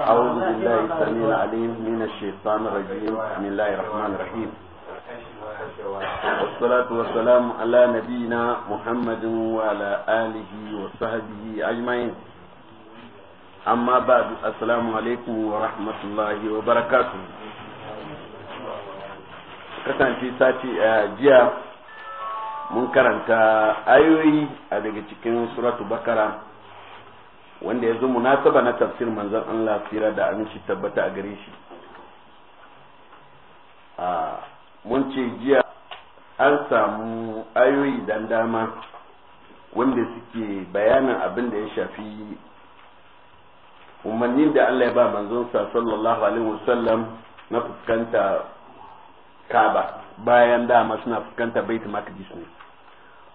أعوذ بالله السميع العليم من الشيطان الرجيم بسم الله الرحمن الرحيم والصلاة والسلام على نبينا محمد وعلى آله وصحبه أجمعين أما بعد السلام عليكم ورحمة الله وبركاته كتن في ساتي جيا من karanta ayoyi أدقى daga cikin suratu wanda ya zo munasaba na tafsir manzon Allah fira da shi tabbata a gare shi a mun ce jiya an samu ayoyi dan dama wanda suke bayanin abin da ya shafi umarnin da Allah ya ba sa sallallahu alaihi wasallam na fuskanta kaba bayan dama suna fuskanta bait maqdis ne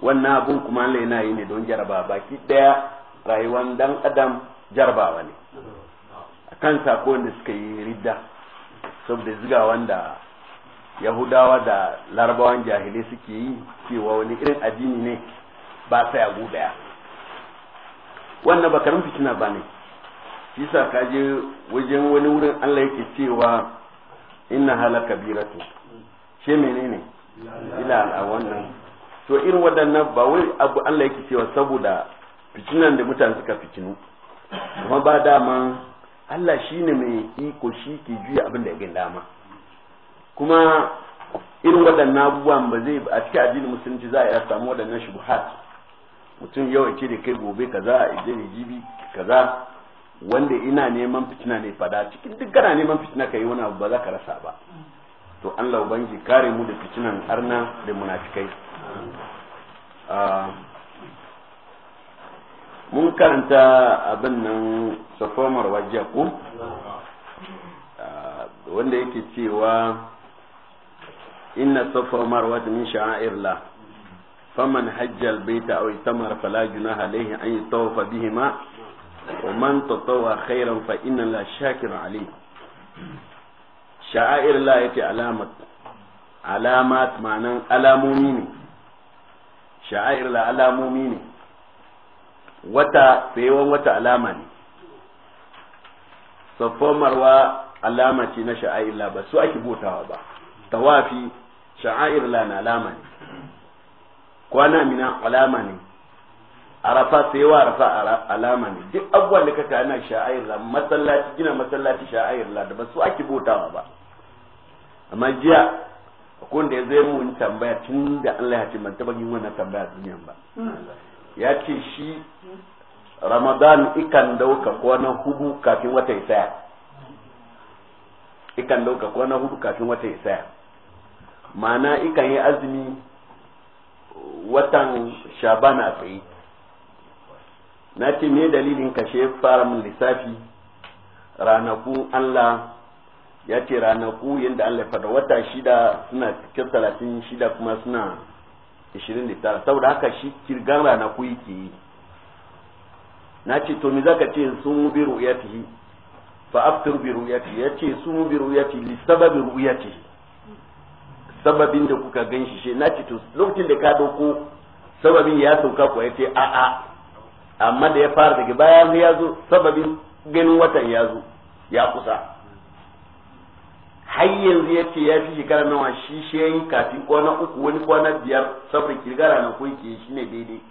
wannan abun kuma Allah yana yi ne don jaraba baki daya rayuwar dan adam jarbawa ne kan sako da suka yi ridda saboda ziga wanda yahudawa da larabawan jahilai suke yi cewa wani irin addini ne ba sai a daya wannan ba karin fitina ba ne shi sa ka je wajen wani wurin allah yake cewa inna hala kabiratu she menene ila a wannan to irin waɗannan ba wai abu allah yake cewa saboda fitinan da mutane suka fitinu kuma ba dama Allah shi ne mai iko shi ke juya abin da ya dama kuma irin waɗannan abubuwan ba zai a cikin addinin musulunci za a iya samu waɗannan shubuhat mutum yau ce da kai gobe kaza a ije ne jibi kaza wanda ina neman fitina ne fada cikin duk gana neman fitina ka yi wani abu ba za ka rasa ba to Allah ubangi kare mu da fitinan arna da munafikai ah, mun karanta abin nan safomar wajiya ko ah, wanda yake cewa inna safar marwa min sha'air la faman hajja albayta aw itamar fala junaha alayhi an yatawafa bihima wa man tatawwa khairan fa inna la shakir alim sha'air la yake alamat alamat ma'anan alamomi ne sha'air la alamomi ne wata tsayewan wata alama ne saffon marwa alama ce na sha'air ba su ake botawa ba tawafi sha'air la na alama ne kwana mina alama ne arafa tsayewa arafa alama ne duk abubuwan da ka tana sha'air la masallaci gina masallaci sha'air la da ba su ake botawa ba amma jiya akwai da ya zai mun tambaya tun da Allah ya ce ban taba yin wannan tambaya duniyan ba hmm. ya ce shi ramadan ikan dauka na hudu kafin wata isaya ikan dauka na hudu kafin wata isaya ma'ana ikan yi azumi watan a tsaye na ce me dalilin kashe fara min lissafi ranaku Allah ya ce ranaku yadda Allah fada wata shida suna cikin talatin shida kuma suna 29 saboda haka shi kirgan ku yake yi na ce to me zaka ce sun bi ru'yatihi fa aftir bi ru'yatihi ce sun bi ru'yatihi li sababi ru'yatihi sababin da kuka ganshi shi na ce to lokacin da ka dauko sababin ya sauka ya ce a a amma da ya fara daga baya ya zo sababin ganin watan ya zo ya kusa har yanzu ya ce ya fi shekara nawa shi shi ya yi kafin kwana uku wani kwana biyar saboda kirgara na ko ke shi ne daidai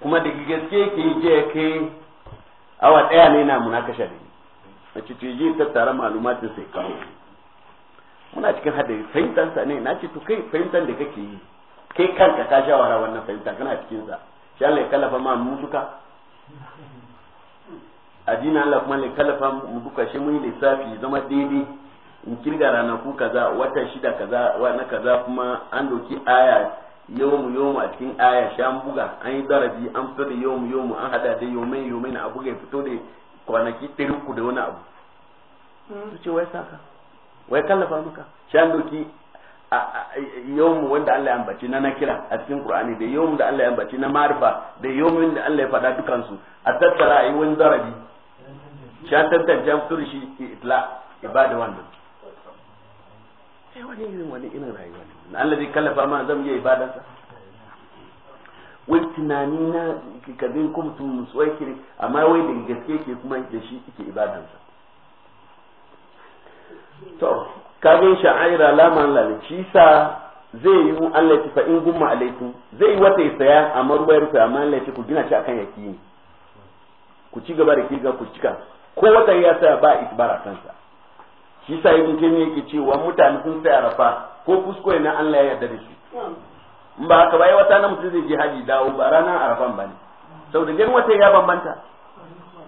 kuma da gaske ke yi je kai awa ɗaya ne na kashe da a cikin yi tattara malumatin sai kawo muna cikin hadari fahimtansa ne na ce to kai fahimtar da kake yi kai kanka ka shawara wannan fahimtar kana sa shi Allah ya kallafa ma mu duka addini Allah kuma ne kalafa mu duka shi mun lissafi zama daidai in kirga ranaku kaza wata shida kaza wani kaza kuma an doki aya yawmu yawmu a cikin aya sha buga an yi darabi an fito da yawmu yawmu an hada da yawmai yawmai na abu ya fito da kwanaki ɗari da wani abu hmm. su ce wai saka wai kallafa maka sha an doki yawmu wanda Allah ya ambaci na nakira a cikin Qur'ani da yawmu da Allah ya ambaci na marifa da yawmin da Allah ya faɗa dukansu a tattara a yi wani darabi sha tantancen fito shi itla ibada wannan sai wani irin wani irin rayuwa ne Allah zai kallafa ma zan yi ibadansa wai tunani na kabin kuma tun wai kiri amma wai da gaske ke kuma da shi ke ibadansa to kabin sha'aira laman lalaci sa zai yi mu Allah ya fa gumma alaikum zai yi wata isaya amma ruwa ya rufe amma Allah ya ku gina shi akan yaki ku ci gaba da kiga ku cika ko wata ya saya ba isbara kansa shi sa ibn taymiya yake cewa mutane sun saya rafa ko kuskure na Allah ya yarda da shi in ba haka bai wata na mutum zai je haji dawo ba ranar arafan ba ne saboda gani wata ya bambanta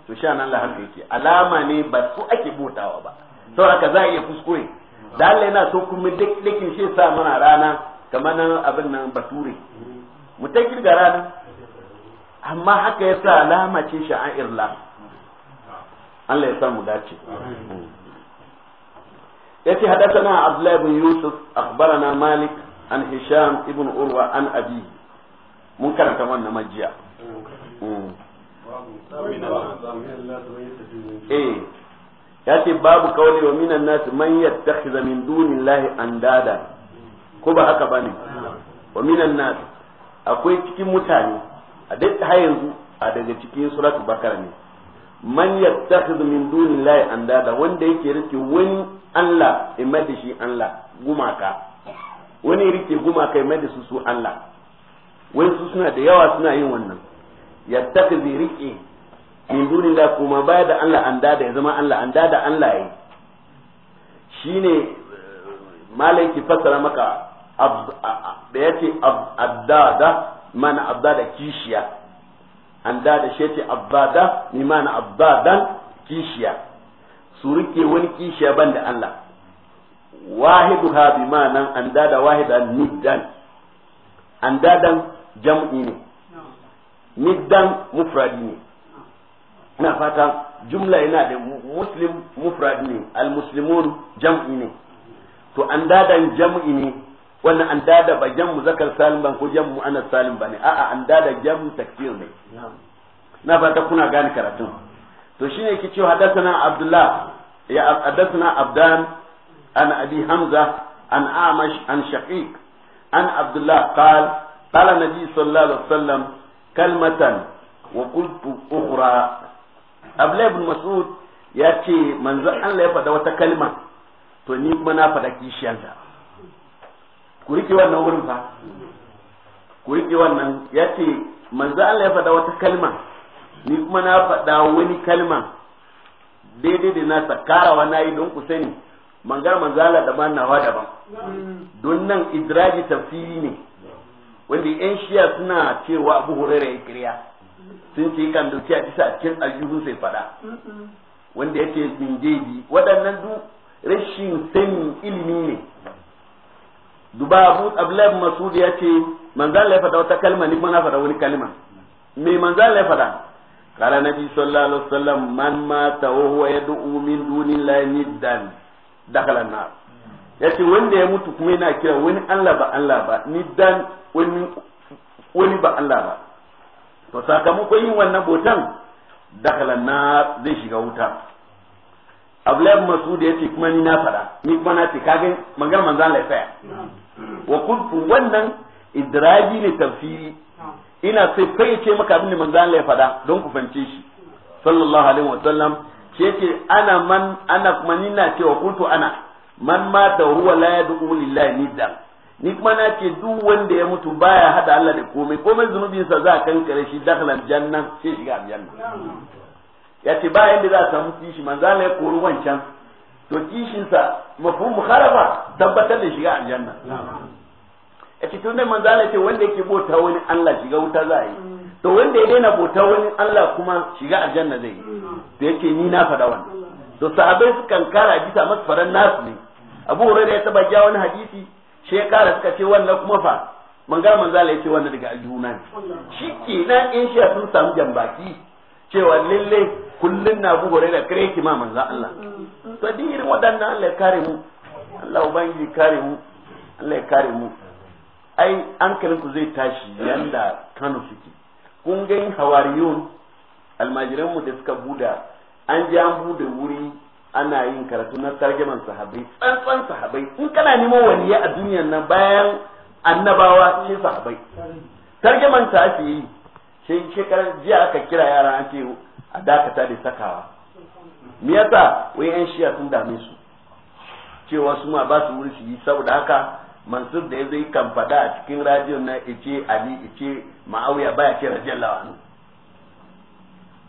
to sha nan la haka yake alama ne ba su ake botawa ba saboda za a iya kuskure da Allah yana so kuma dakin shi sa mana rana kamar nan abin nan bature mu ta kirga rana amma haka yasa alama ce sha'air la Allah ya samu dace yace hadathana Abdullah ibn Yusuf akhbarana Malik an Hisham ibn Urwa an Abi mun karanta wannan majiya mm. eh yace babu kawai wa minan nas man yattakhidha min dunillahi andada ko ba haka bane wa minan nas akwai cikin mutane a duk har yanzu a daga cikin suratul bakara ne man yattakhidh min dunillahi andada wanda yake rike wani Allah in da shi Allah gumaka wani rike gumaka in da su su Allah wani su suna da yawa suna yin wannan yattakhidh rike min dunillahi kuma baya da Allah andada ya zama Allah andada Allah yayi shine eh, malaiki ki fassara maka da yace abdada mana abdada kishiya an da da shi abada abbada mimana abadan kishiya surike wani kishiya ban da Allah wahiduha bimana an da da wahidan niddan an dan jam'i ne niddan mufradi ne ina fata jumla yana da muslim mufradi ne almuslimun jam'i ne to an dan jam'i ne wannan an dada ba jan salim ban ko jan ana salim bane a'a an dada jan takfir ne na fata kuna gane karatun to shine yake cewa hadathana abdullah ya hadathana abdan an abi hamza an amash an shaqiq an abdullah qal qala nabi sallallahu alaihi wasallam kalmatan wa qultu ukhra abdullah ibn mas'ud ya ce manzo Allah ya faɗa wata kalma to ni kuma na ku rike wannan wurin fa ku rike wannan ya ce manzo Allah ya faɗa wata kalma ni kuma na faɗa wani kalma daidai da na sakarawa na yi don ku sani mangar manzo Allah daban nawa daban don nan idraji tafsiri ne wanda yan shiya suna cewa abu hurairu ya kirya sun ce kan dauki a bisa cikin aljihu sai faɗa wanda yace min jeji waɗannan du rashin sanin ilimi ne duba abu abdullahi masudi ya ce manzan la fada wata kalma ni kuma fada wani kalma me manzan la fada kala nabi sallallahu alaihi wasallam man mata wa huwa yad'u min dunillahi niddan dakhala nar yace wanda ya mutu kuma yana kira wani Allah ba Allah ba niddan wani wani ba Allah ba to sakamakon yin wannan botan dakhala nar zai shiga wuta Abdullahi Masud ya ce kuma ni na fada ni kuma na ce kaga magana manzan la wa kuntu wannan idraji ne tafsiri ina sai ce maka abin da manzo Allah ya faɗa don ku fance shi sallallahu alaihi wa sallam ce ce ana man ana kuma ni na cewa kuntu ana man da huwa la yad'u lillahi nidda ni kuma na ce duk wanda ya mutu baya hada Allah da komai komai zunubinsa za a kankare shi dakhlan janna sai shiga aljanna ya ce ba yanda za a samu kishi manzo Allah ya kori wancan to kishinsa mafi muharaba tabbatar da shiga aljanna a cikin da manzo Allah ce wanda yake bauta wani Allah shiga wuta za a yi to wanda ya daina bota wani Allah kuma shiga aljanna zai yi to yake ni na faɗa wannan to sahabbai sukan kara bisa masu faran nasu ne Abu da ya taba ja wani hadisi shi ya kara suka ce wannan kuma fa man ga manzo Allah ya ce wannan daga aljuna ne shikenan in shi sun samu jambaki cewa lalle kullun na bugu da kare ki ma manzo Allah to din irin waɗannan Allah ya kare mu Allah ubangiji kare mu Allah ya kare mu ai hankalin ku zai tashi yanda Kano suke kun ga hawariyun almajiran mu da suka buda an ji an bude wuri ana yin karatu na tarjaman sahabai tsantsan sahabai in kana neman ya a duniyar nan bayan annabawa shi sahabbai tarjaman ta ake yi shi shekaran jiya aka kira yara an ce a dakata da sakawa me yasa wai yan shiya sun dame su cewa su ma ba su wuri su yi saboda haka mansur da ya zai kan faɗa a cikin radiyon na ice ali ice ma'auya baya ce rajiyar lawanu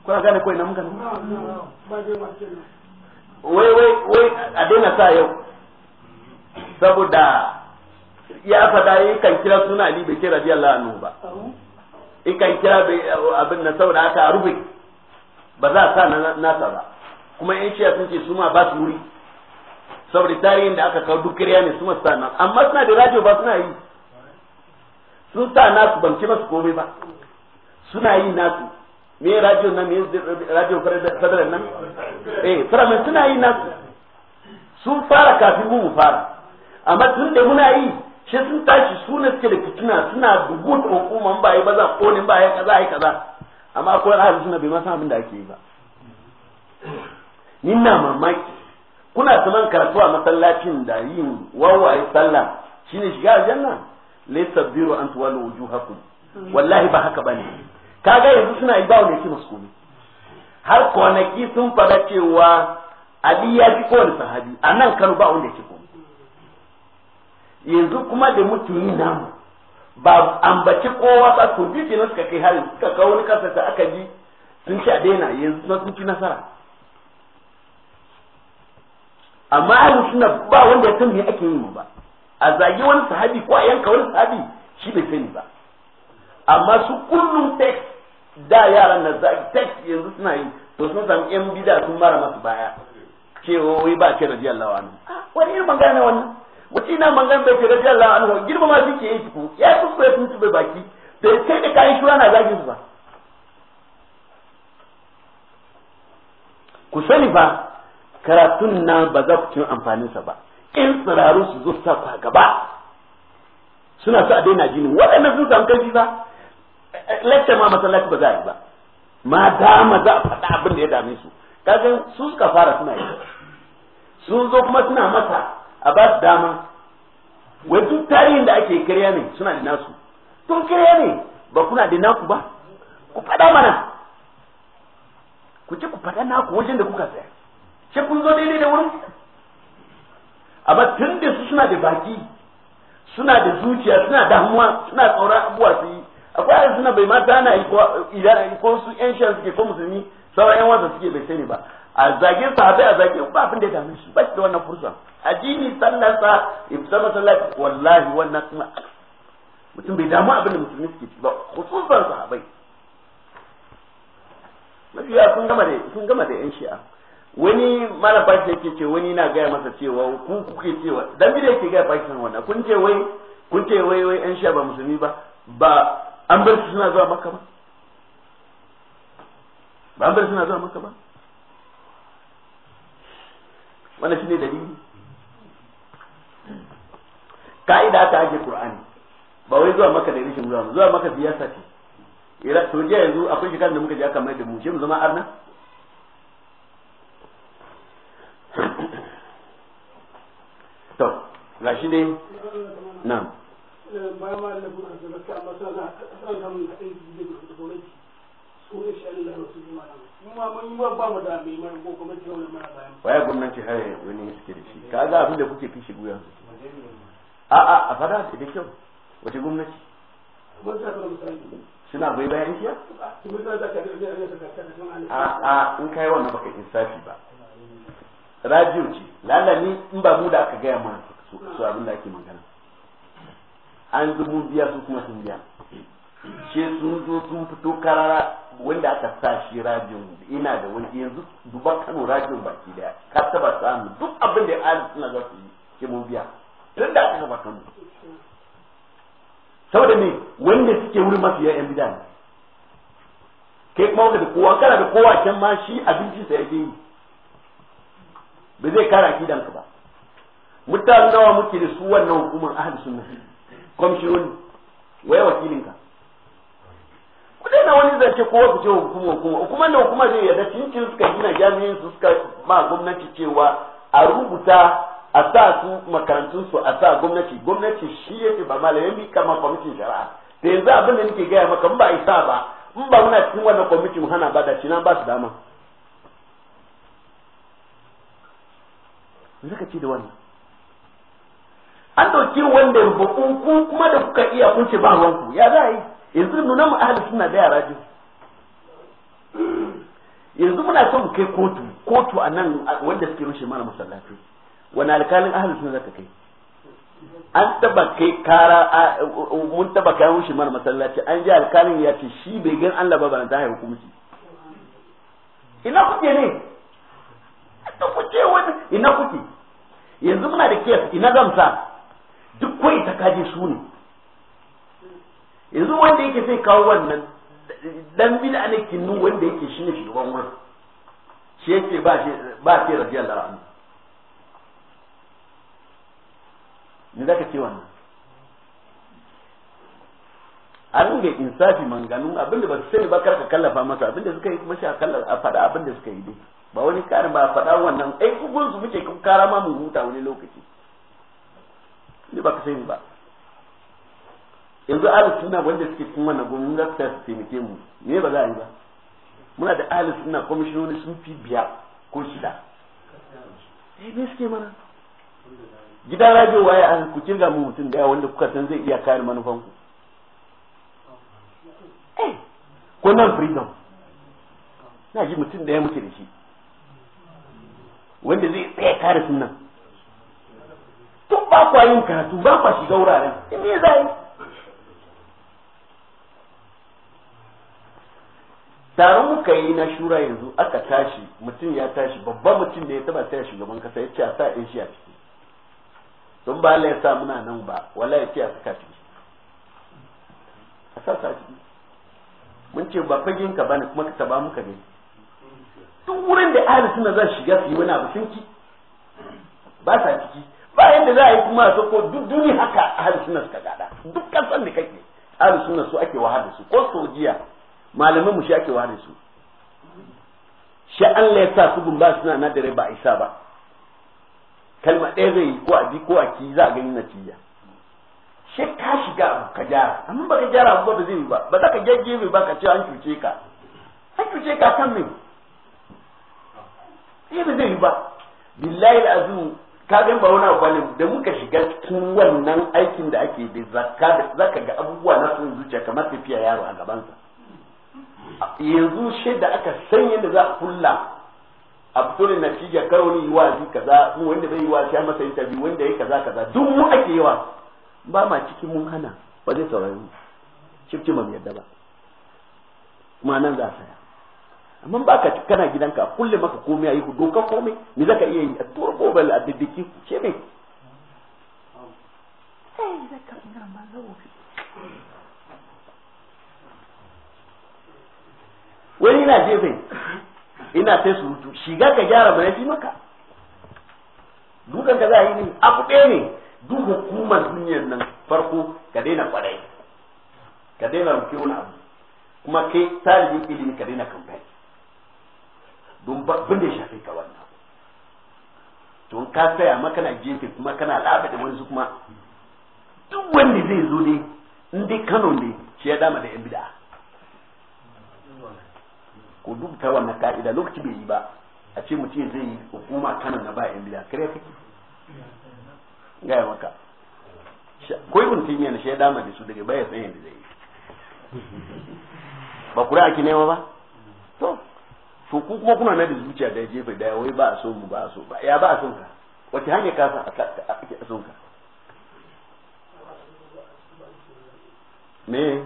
kuna gane kawai na muka wai wai wai a daina sa yau saboda ya faɗa yi kan kira suna ali bai ce rajiyar lawanu ba kan kira abin nan saboda haka a rufe ba za a sa nasa ba kuma yan shiya sun ce su ma ba su wuri saboda tarihin da aka kawo duk kariya ne su ma sa na amma suna da radio ba suna yi sun sa nasu ban ce masu komai ba suna yi nasu me radio nan me radio federal nan eh firamin suna yi nasu sun fara kafin mu mu fara amma tun da muna yi shi sun tashi suna suke da fitina suna dubu da hukuman ba yi ba za kone ba ya kaza ya kaza amma akwai ahli suna bai masa abin da ake yi ba ni na mamaki kuna saman karatu a masallacin da yin wawaye sallah shine shiga aljanna laysa biru an tuwalu wujuhakum wallahi ba haka bane kaga yanzu suna ibawa ne ki muskumi har kwanaki sun fada cewa Ali ya fi kowane sahabi a nan Kano ba wanda ya ci ko yanzu kuma da mutuni yi namu ba ambaci kowa ba to bi kenan suka kai hari suka kawo wani kasa ta aka ji sun ci a daina yanzu sun ci nasara amma ahlu sunna ba wanda ya san me ake yi ba a zagi wani sahabi ko a yanka wani sahabi shi bai sani ba amma su kullum text da yaran na zagi text yanzu suna yi to sun samu yan bida sun mara masu baya cewa wai ba ce radiyallahu anhu ah, wani irin magana wannan mutum na mangan bai ke rabi Allah anhu girma ma suke yi tuku ya kuskure sun tube baki bai kai da kayan shura na zagin su ba ku sani ba karatun na ba za ku cin amfaninsa ba in tsiraru su zo sa ku gaba suna sa a daina jini waɗannan sun samu karfi ba lakta ma masallaci ba za a yi ba ma dama za a faɗa abin da ya dame su kaga su suka fara suna yi sun zo kuma suna masa a ba su dama wai duk tarihin da ake karya ne suna da nasu tun karya ne ba kuna da naku ba ku faɗa mana ku ce ku faɗa naku wajen da kuka tsaya shi kun zo daidai da wurin amma tun da su suna da baki suna da zuciya suna damuwa suna tsoron abubuwa su yi akwai suna bai mata na yi ko su yan shan suke ko musulmi sauran yan wanda suke bai sani ba a zage bai a zage ba abin da ya dame shi ba shi da wannan fursa ajini sallarsa ibsama sallar wallahi wannan kuma mutum bai damu abin da musulmi suke ci ba khususan sahabai mafiya sun gama da sun gama da yan shi'a wani mara fashi yake ce wani na gaya masa cewa ku kuke cewa dan bi da yake gaya fashi wannan kun ce wai kun ce wai wai yan shi'a ba musulmi ba ba an bar su suna zuwa makka ba ba bar suna zuwa maka ba wannan shine dalili ka'ida ta aje qur'ani ba wai zuwa maka da rashin zuwa zuwa maka siyasa ce ira to je yanzu akwai shekarar da muka je aka mai da mu mu zama arna to gashi dai na'am bayan ma da kuma a zaka amma sana an da da kuma su ne waya gwamnati har wani suke da shi ka ga abin da kuke kishi guya a a a fada su da kyau wace gwamnati suna bai bayan kiya a a in kai wannan baka insafi ba radio ce lalani in ba mu da aka gaya mana su abin da ake magana an zubu biya su kuma sun biya ce sun zo sun fito karara wanda aka sa shi rajin ina da wani yanzu duba kano rajin baki daya ka taba samu duk abin da ya suna za su yi ke mun biya tun da aka gaba kano saboda ne wanda suke wurin masu yan yan bidan kai kuma wanda da kowa kana da kowa can ma shi abinci sai yake yi ba zai kara kidan ka ba mutanen nawa muke da su wannan hukumar ahli sunna kwamishinoni waya wakilinka wani zance ko wasu ce hukuma hukuma hukuma da hukuma zai yarda cincin suka gina jami'in su suka ma gwamnati cewa a rubuta a sa su makarantun su a sa gwamnati gwamnati shi yake ba malamin bi kama kwamitin shari'a da yanzu abin da nake gaya maka in ba isa ba in ba muna cikin wannan kwamitin hana ba da cinan ba su dama zaka ce da wannan an dauki wanda ba kuma da kuka iya kun ba ruwanku ya za a yi yanzu nuna mu ahli sunna da yara jin yanzu muna son mu kai kotu kotu a nan wanda suke rushe mana masallaci wani alkalin ahli sunna zaka kai an taba kai kara mun taba kai rushe mana masallaci an ji alkalin ya ce shi bai gan Allah ba balanta kuma hukunci ina kuke ne ina kuke wani ina kuke yanzu muna da kiyas ina gamsa duk kawai ta kaje su ne yanzu wanda yake sai kawo wannan dan bil ne kinnu wanda yake shine shugaban wurin shi yake ba shi ba shi radiyallahu anhu ne zaka ce wannan a ga insafi manganu abinda ba su sani ba karka kallafa masa abinda suka yi kuma shi a kallafa a faɗa abinda suka yi dai ba wani karin ba a faɗa wannan ai kugun su muke kun kara ma mu huta wani lokaci ni ba ka sani ba yanzu ahli sunna wanda suke cikin wannan gwamnati za su ta su taimake mu me ba za a yi ba muna da ahli sunna kwamishinoni sun fi biya ko shida eh me suke mana gidan radio waye an ku kinga mu mutum daya wanda kuka san zai iya kare manufan ku eh ko nan freedom na ji mutum daya muke da shi wanda zai tsaya kare sunna tun ba kwa yin karatu ba kwa shiga wuraren eh, me za a yi taro muka yi na shura yanzu aka tashi mutum ya tashi babban mutum da ya taba taya shugaban kasa ya ce a sa in shi a ciki don ba Allah ya sa muna nan ba wala ya ce a saka ciki a sa sa ciki mun ce ba fagen ka bane kuma ka taba muka ne duk wurin da ahli suna za shiga su yi wani abu sun ki ba sa ciki ba yadda za a yi kuma a sako duk duniya haka ahli suna suka gada duk kasan da kake ahli suna su ake wahala su ko sojiya malamin mu shi ake ware su shi Allah ya sa su ba suna na dare ba isa ba kalma ɗaya zai yi ko a bi ko a ki za a gani natija shi ka shiga ka gyara amma ba ka gyara abu ba zai yi ba ba za ka mai ba ka ce an cuce ka an cuce ka kan mai ɗaya eh, ba zai yi ba billahi azu ka gan ba wani abu da muka shiga cikin wannan aikin da ake da da zaka ga abubuwa na sun zuciya kamar tafiya yaro a gabansa yanzu shaida aka san yadda za a kulla a fito da natija karo ne yiwa ji kaza mu wanda bai yiwa shi masa interview wanda yayi kaza kaza duk mu ake yawa ba ma cikin mun hana ba zai saurari mu cifci mu yadda ba kuma nan za a saya amma ba ka kana gidanka kulle maka komai ayi doka komai me zaka iya yi a tura gobal a diddiki ce me eh, zaka ma zawo wani ina jefe ina sai surutu shiga ka gyara bane fi maka dukan ka za a yi ne abu ɗaya ne duk hukumar duniyar nan farko ka daina kwarai ka daina rufe wani abu kuma kai talibin ilimi ka daina kamfani don bin da ya shafi ka wannan to ka saya ma kana jefe kuma kana labe da wani kuma duk wanda zai zo ne in dai kano ne shi ya dama da yan bid'a ko dubta wannan ka'ida lokaci bai yi ba a ce mutum zai yi hukuma kanan na ba biya kare kake gaya maka ko ibn timiya ne shaida ma da su daga bayan san da zai yi ba kura ake nema ba to to ku kuma kuna na da zuciya da jefe da wai ba a so mu ba a so ba ya ba a son ka wace hanyar ka san ake son ka me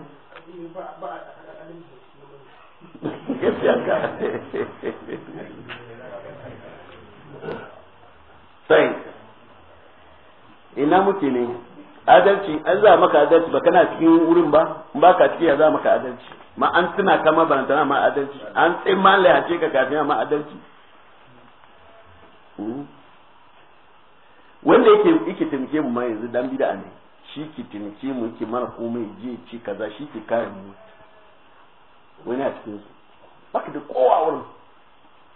gaskiya sai ina muke ne adalci an za maka adalci ba kana cikin wurin ba ba ka cikin ya za maka adalci ma an tuna ka ma tana ma adalci an tsaye ma lahace ka kafin ma adalci hmm. wanda yake yake taimake mu ma yanzu dan bid'a ne shi ke taimake mu yake mara komai je ci kaza shi ke kare mu wani a cikin su baka da kowa wurin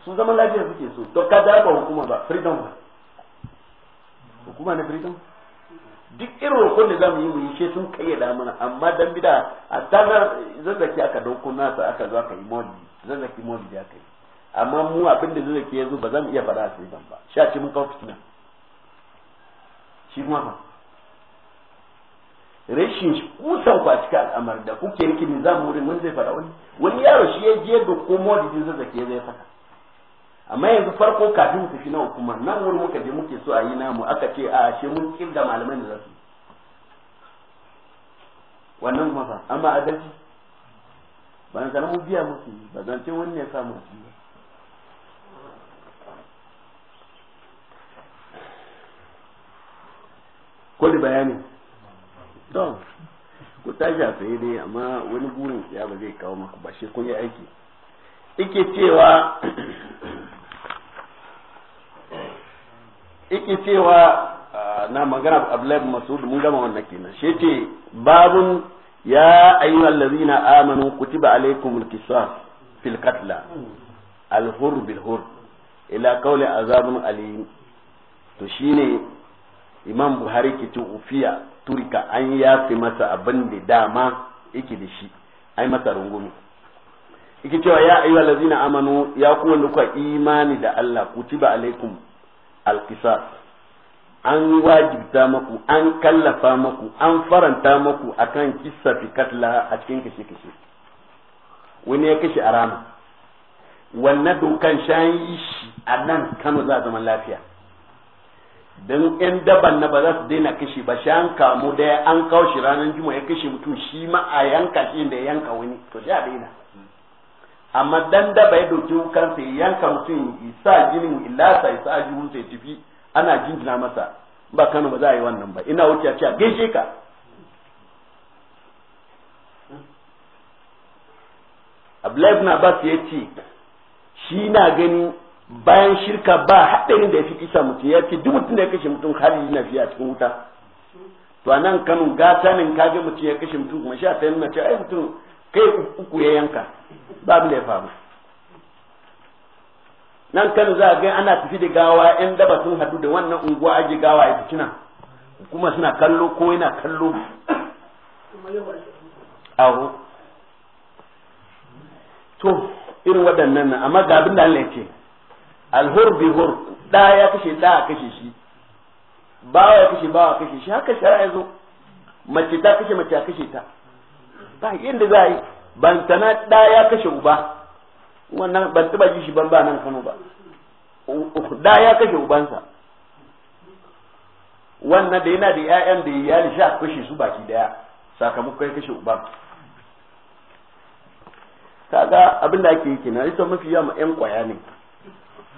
su zama lafiya suke so to ka ba hukuma ba freedom ba hukuma na freedom duk irin rukun da zamu yi mu yi she sun da mana amma dan bida a tanar zazzaki aka dauko nasa aka zo aka yi modi zazzaki maulidi aka yi amma mu abin da zazzaki ya zo ba zamu iya faɗa a freedom ba sha ce mun kawo fitina shi kuma ba rashin kusan kwa cikin al'amar da kuke ne zamu wurin wani zai fara wani wani yaro shi ya je da komo da jin zazzake zai fata amma yanzu farko kafin tafi na hukumar nan wurin muka je muke so a yi namu aka ce a ashe mun kirga malaman da za su wannan kuma fa amma a adalci ba na sanar mu biya musu ba ce wani ya samu su ba ko da bayani to ku tashi a tsaye ne amma wani burin ya ba zai kawo maku ba shi kun yi aiki ike cewa ike cewa na magana Abdullahi Masud mun gama wannan kenan shi ce babun ya ayyuhal ladzina amanu kutiba alaykumul qisas fil qatl al hur bil hur ila qawli azabun alim to shine imam buhari ke ce ufiya turika an yafe masa abin da dama yake da shi ai masa rungumi yake cewa ya ayyuha allazina amanu ya ku wanda kuka imani da Allah kutiba alaikum alqisas an wajibta maku an kallafa maku an faranta maku akan kissa fi katla a cikin kashe kashe wani ya kashe arama wannan dokan shayi shi a nan Kano za a zaman lafiya don yan daban na ba za su daina kashe ba shi an kamu daya an kawo shi ranar juma ya kashe mutum shi ma a yanka shi da ya yanka wani to sai a daina amma dan daba ya doki wukan ya yanka mutum isa jinin ilasa sa jinin sai tafi ana jinjina masa ba kano ba za a yi wannan ba ina wuce a ce a gaishe ka Abdullahi ibn Abbas ya ce shi na gani bayan shirka ba haɗarin da ya fi kisa mutum ya ce duk mutum da ya kashe mutum hali na fiya cikin wuta to a nan kanu gata ka kage mutum ya kashe mutum kuma sha ta nuna cewa ai mutum kai uku ya yanka ba mu da ya faru nan kanu za a ga ana tafi da gawa yan daba sun hadu da wannan unguwa aji gawa ya fitina kuma suna kallo ko yana kallo aho to irin waɗannan amma ga abin da Allah ya ce alhur bi hur da ya kashe da a kashe shi bawa ya kashe bawa kashe shi haka shara ya zo mace ta kashe mace a kashe ta ba yadda za a yi ban tana da ya kashe uba wannan ban taba ji shi ban ba nan Kano ba da ya kashe ubansa wannan da yana da ƴaƴan da ya iyali sha kashe su baki daya sakamakon kashe uban kaga abin da ake yi kenan ita mafi yawa ma ƴan kwaya ne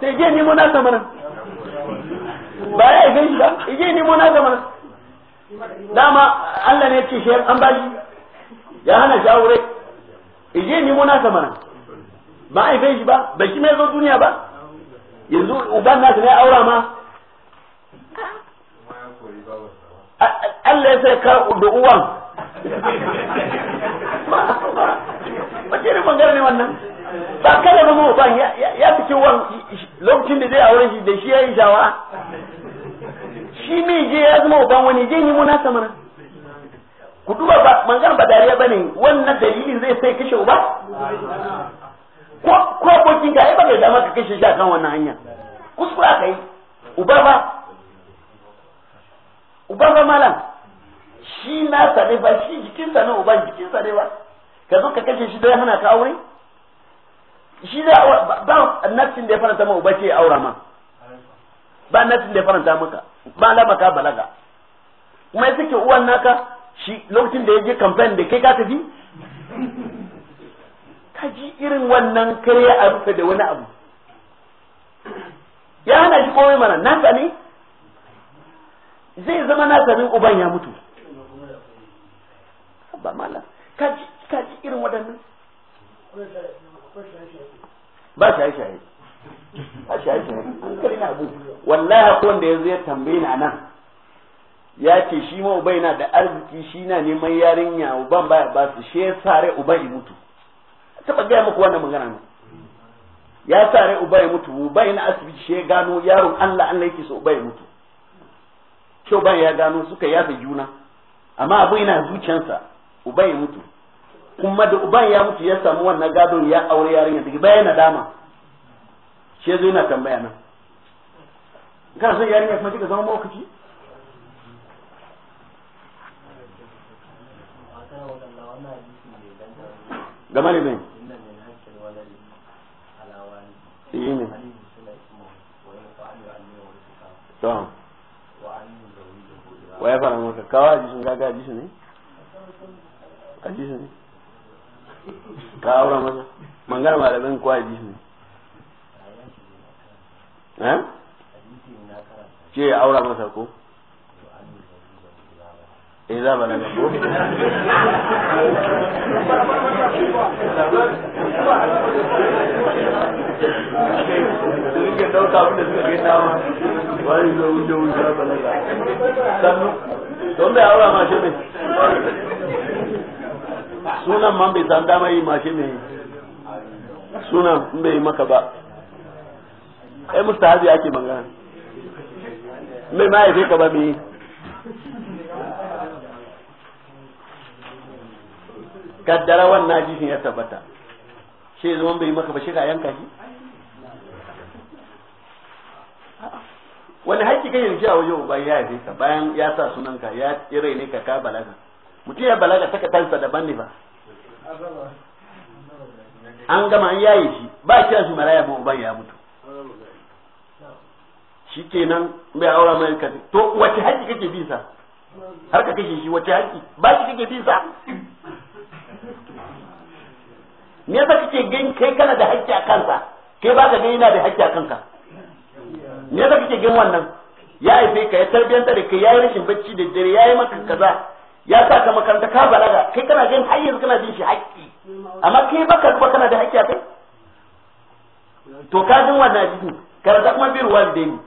sai je nemo na samana ba ya gan shi ba je nemo na samana dama Allah ne ce shi an bashi ya hana shi aure je nemo na samana ba a gan shi ba ba shi mai zo duniya ba yanzu uban nasu ne aura ma Allah ya sai ka da uwan wace ne bangare ne wannan ba kada ba mu ban ya fice wan lokacin da zai wurin shi da shi yayi shawara shi me je ya zama uban wani je ni muna samana ku duba ba mangan ba dariya bane wannan dalilin zai sai kashe uba ko ko bokin ka ai ba da dama ka kashe shi akan wannan hanya kuskura kai uba ba uba ba malam shi na sa ne ba shi jikinsa ne uba jikinsa ne ba ka zo ka kashe shi don hana ka aure shi da ba nafsin da ya faranta ma ba ce ya aura ma ba nafsin da ya faranta maka ba lama ka balaga kuma ya sake uwan naka shi lokacin da ya je kamfen da kai ka tafi ka ji irin wannan kare a rufe da wani abu ya hana shi komai mana na sani zai zama na sani uban ya mutu ba mala ka ji ka ci irin waɗannan ba shaye-shaye ba shaye-shaye hankali na abu wallahi akwai wanda yanzu ya tambaye na nan ya ce shi ma ubai na da arziki shi na neman yarinya uban baya ba su shi ya tsare uban ya mutu taba gaya muku wannan magana ne ya Uba ubai mutu ubai na asibiti shi ya gano yaron Allah Allah yake so ubai mutu Kyau ubai ya gano suka yafe juna amma abu yana zuciyarsa ubai mutu kuma da uban ya mutu ya samu wannan gado ya aure yarinya daga baya na dama shi yazo yana tambaya nan kana son yarinya kuma kika zama mawukaci ga da mai ne to wa ya fara maka kawai a jisun gaga a jisun ne a jisun ne ka aura masa mangar malamin ko hadisi eh ce aura masa ko eh za ba na ko suke dauka suka dama wani zo wuce wuce ba sannu don bai aura ma shi ne sunan man bai san dama yi mashi mai sunan bai yi maka ba ai mustahabi ake magana mai ma ya ka ba mai kaddara wannan jishin ya tabbata shi zama bai maka ba shi ka yanka shi wani haƙƙi kan yanzu a wajen ba ya yi ka bayan ya sa sunanka ya tsire ne ka ka balaga mutum ya balaga ta kansa daban ne ba an gama an yaye shi ba shi shi maraya ba uban ya mutu shi kenan bai aura mai ka to wace haƙƙi kake bi sa har ka kashe shi wace haƙƙi ba shi kake bi sa me yasa kake gani kai kana da haƙƙi a kansa kai ba ka gani yana da haƙƙi a kanka me yasa kake gani wannan ya haife ka ya tarbiyanta da kai ya yi rashin bacci da dare ya yi maka kaza ya sa ka makaranta ka balaga kai kana jin har yanzu kana jin shi haƙƙi amma kai baka duba kana da haƙƙi a kai to ka jin wannan jiki karanta kuma biyu walidaini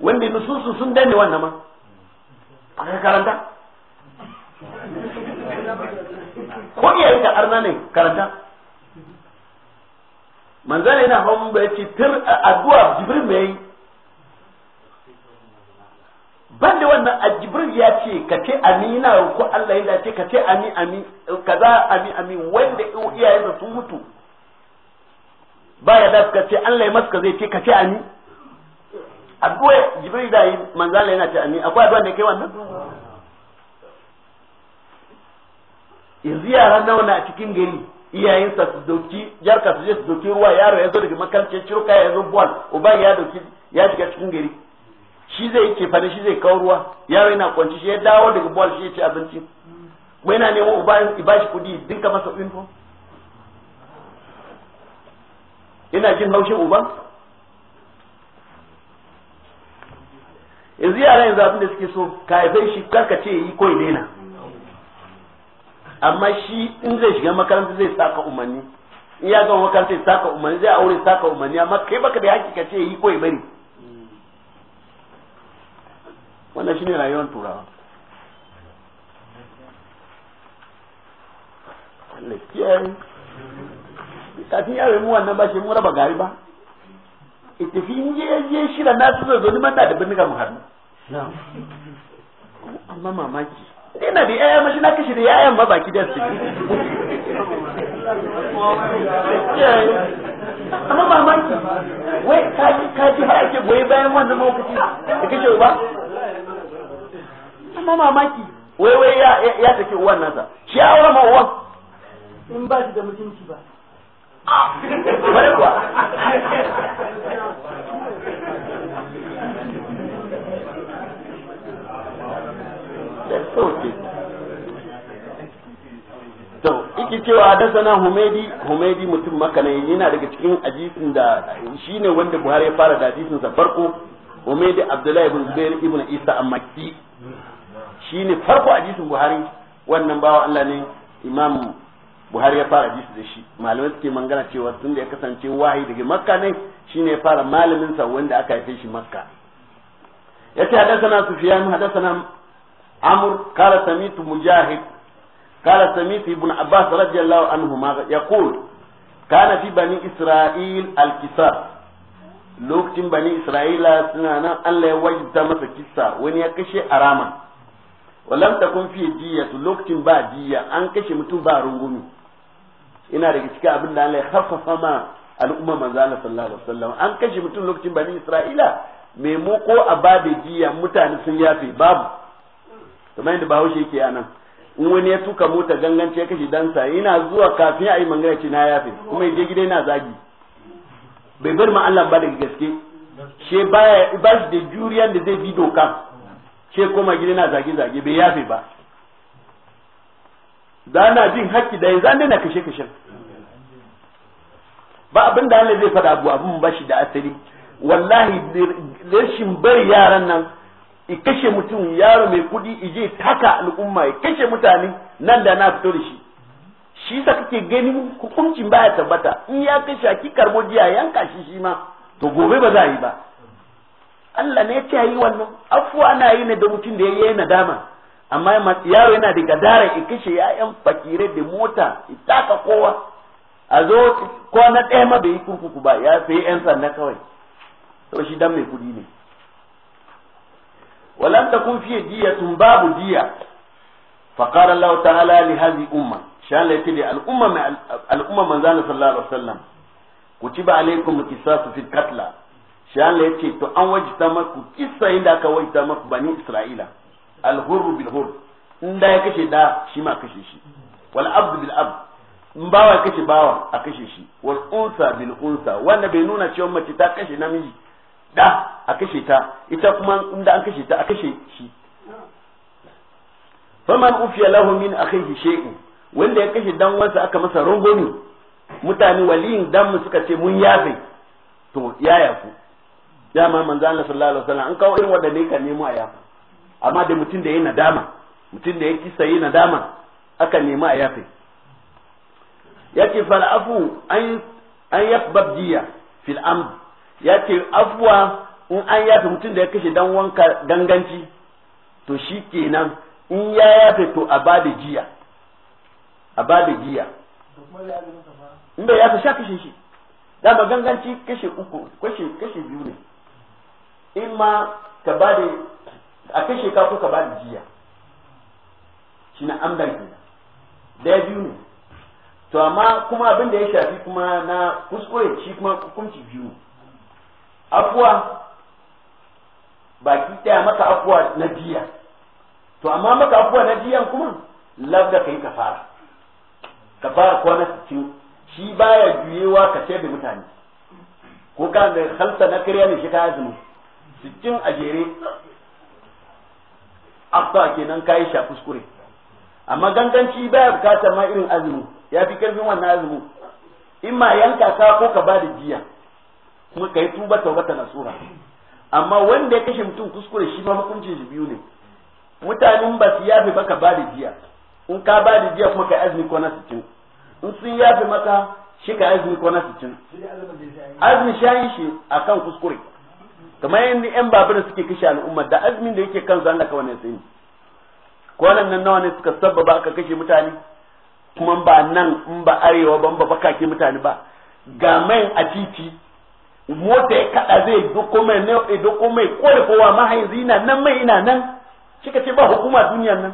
wanda nususu sun danne wannan ma a ka karanta ko yi da arna ne karanta manzana yana hawan bai ce tir addu'a jibril mai ban da wannan a jibril ya ce ka ce ami ko roƙo Allah ya ce ka ce ami ami kaza ami ami wanda iyayen su mutu baya da ka ce Allah ya maska zai ce ka ce ami addu'a jibril da yi manzala yana ce ami akwai addu'a da kai wannan yanzu yara nawa na cikin gari sa su doki jarka su je su doki ruwa yaro ya zo daga ciro kaya ya zo bol uban ya doki ya shiga cikin gari shi zai ke fada shi zai kawo ruwa yaro yana kwanci shi ya dawo daga bol shi ya ci abinci kuma yana neman uba ya ba shi kudi dinka masa uniform yana jin haushin uban yanzu yara yanzu abin da suke so ka haife shi karka ce yi ko daina amma shi in zai shiga makaranta zai saka umarni in ya gama makaranta ya saka umarni zai aure saka umarni amma kai baka da haƙiƙa ce yi koyi bari wannan shine rayuwar turawa Allah kiyaye kafin ya mu wannan ba shi mu raba gari ba ita fi yi yi shi da nasu zo ni manda da birnin mu hannu amma mamaki ina da yaya mashi na kashi da yayan ba baki da su amma mamaki wai kaji kaji har ake goyi bayan wannan mawukaci da kashe ba amma mamaki wai wai ya ya take uwan nasa shi ya aure ma uwan in ba shi da mutunci ba ah! bare kuwa to iki cewa sana humedi humedi mutum maka ne yana daga cikin ajisin da shine wanda Buhari ya fara da ajisin sa farko humedi Abdullahi ibn Zubair ibn Isa amaki shine farko hadisin buhari wannan bawa Allah ne imam buhari ya fara hadisi da shi malamai suke mangana cewa tun da ya kasance wahayi daga makka ne shine ya fara malamin sa wanda aka haife shi makka yace hadathana sufyan hadathana amur kala samitu mujahid قال سميت ابن عباس رضي الله fi bani isra'il في بني إسرائيل الكساء لوكتين suna nan allah ya لا masa تمس wani ya kashe arama. walam takun fi to lokacin ba diya an kashe mutum ba rungumi ina daga cikin abin da Allah ya haffafa ma al'umma manzo Allah sallallahu alaihi wasallam an kashe mutum lokacin bani Isra'ila me mu ko a ba da diya mutane sun yafe babu kamar yadda Bahaushe yake anan in wani ya tuka mota gangance ya kashe dansa Ina zuwa kafin a yi magana ce na yafe kuma ya je gida yana zagi bai bar ma Allah ba daga gaske she baya ba da juriya da zai bi doka ce koma gida na zage-zage bai yafe ba da na jin hakki da yanzu an kashe-kashen ba abin da Allah zai faɗa abu abun ba shi da asali wallahi rashin bari yaran nan i kashe mutum yaro mai kudi je taka al'umma i kashe mutane nan da na fito da shi shi sa kake gani hukuncin baya tabbata in ya kashe ki karbo jiya yanka shi shi ma to gobe ba za a yi ba Allah ne ce yi wannan afuwa ana yi ne da mutum da yayi nadama amma yaro yana da gadara ya kashe ya'yan fakire da mota ya taka kowa a zo na ɗaya ma bai yi kurkuku ba ya sai yan sanda kawai to shi dan mai kudi ne walam takun fiye tun babu diya فقال الله تعالى لهذه da شان ليتدي الأمة الأمة من ذلك صلى الله عليه وسلم alaykum عليكم qisas fi katla. shan Allah ya ce to an wajita maku kissa inda aka wajita maku bani Isra'ila al-hurr bil hur in da ya kashe da shi ma kashe shi wal abd bil abd in bawa kashe bawa a kashe shi wal unsa bil unsa wanda bai nuna cewa mace ta kashe namiji da a kashe ta ita kuma inda an kashe ta a kashe shi faman ufiya lahu min akhihi shay'un wanda ya kashe dan wansa aka masa rungumi mutane waliyin dan mu suka ce mun yafe to ya yafu dama manzo Allah sallallahu alaihi wasallam an kawo irin wanda ne ka nemo a yafa amma da mutum da yayi nadama mutum da ya kisa nadama aka nemi a yafe yake fal afu an an yaqbab diya fil amd yake afwa in an yafe mutum da ya kashe dan wanka danganci to shikenan in ya yafe to a bada jiya a bada jiya in bai yafe sha kashe shi dama ganganci kashe uku kashe kashe biyu ne in ma ka ba da a kashe ka ko ka ba da jiya shi na amdan ke da biyu ne to amma kuma abin da ya shafi kuma na kuskure shi kuma hukunci biyu afuwa ba ki taya maka afuwa na jiya to amma maka afuwa na jiyan kuma labda ka yi Ka fara kwana cikin, shi baya juyewa ka ce da mutane ko ka da halsa na kariya ne shi ka azumi sittin a jere afta kenan kayi sha kuskure amma ganganci baya bukatar ma irin azumi ya fi karfin wannan azumi in ma yanka ka ko ka ba da jiya kuma kai tuba tuba taubata nasura amma wanda ya kashe mutum kuskure shi ma hukuncin shi biyu ne mutanen ba su yafe maka ba da jiya in ka ba da jiya kuma ka azumi ko na sittin in sun yafe maka shi ka azumi ko na sittin azumi shayin shi akan kuskure kamar yadda yan da suke kashe al'umma da azumin da yake kansu Allah kawai ne sai kwanan nan nawa ne suka sabbaba aka kashe mutane kuma ba nan in ba arewa ba ba bakake mutane ba ga mai a titi mota ya kada zai doko mai ne doko mai kore kowa ma yanzu ina nan mai ina nan kika ce ba hukuma duniyar nan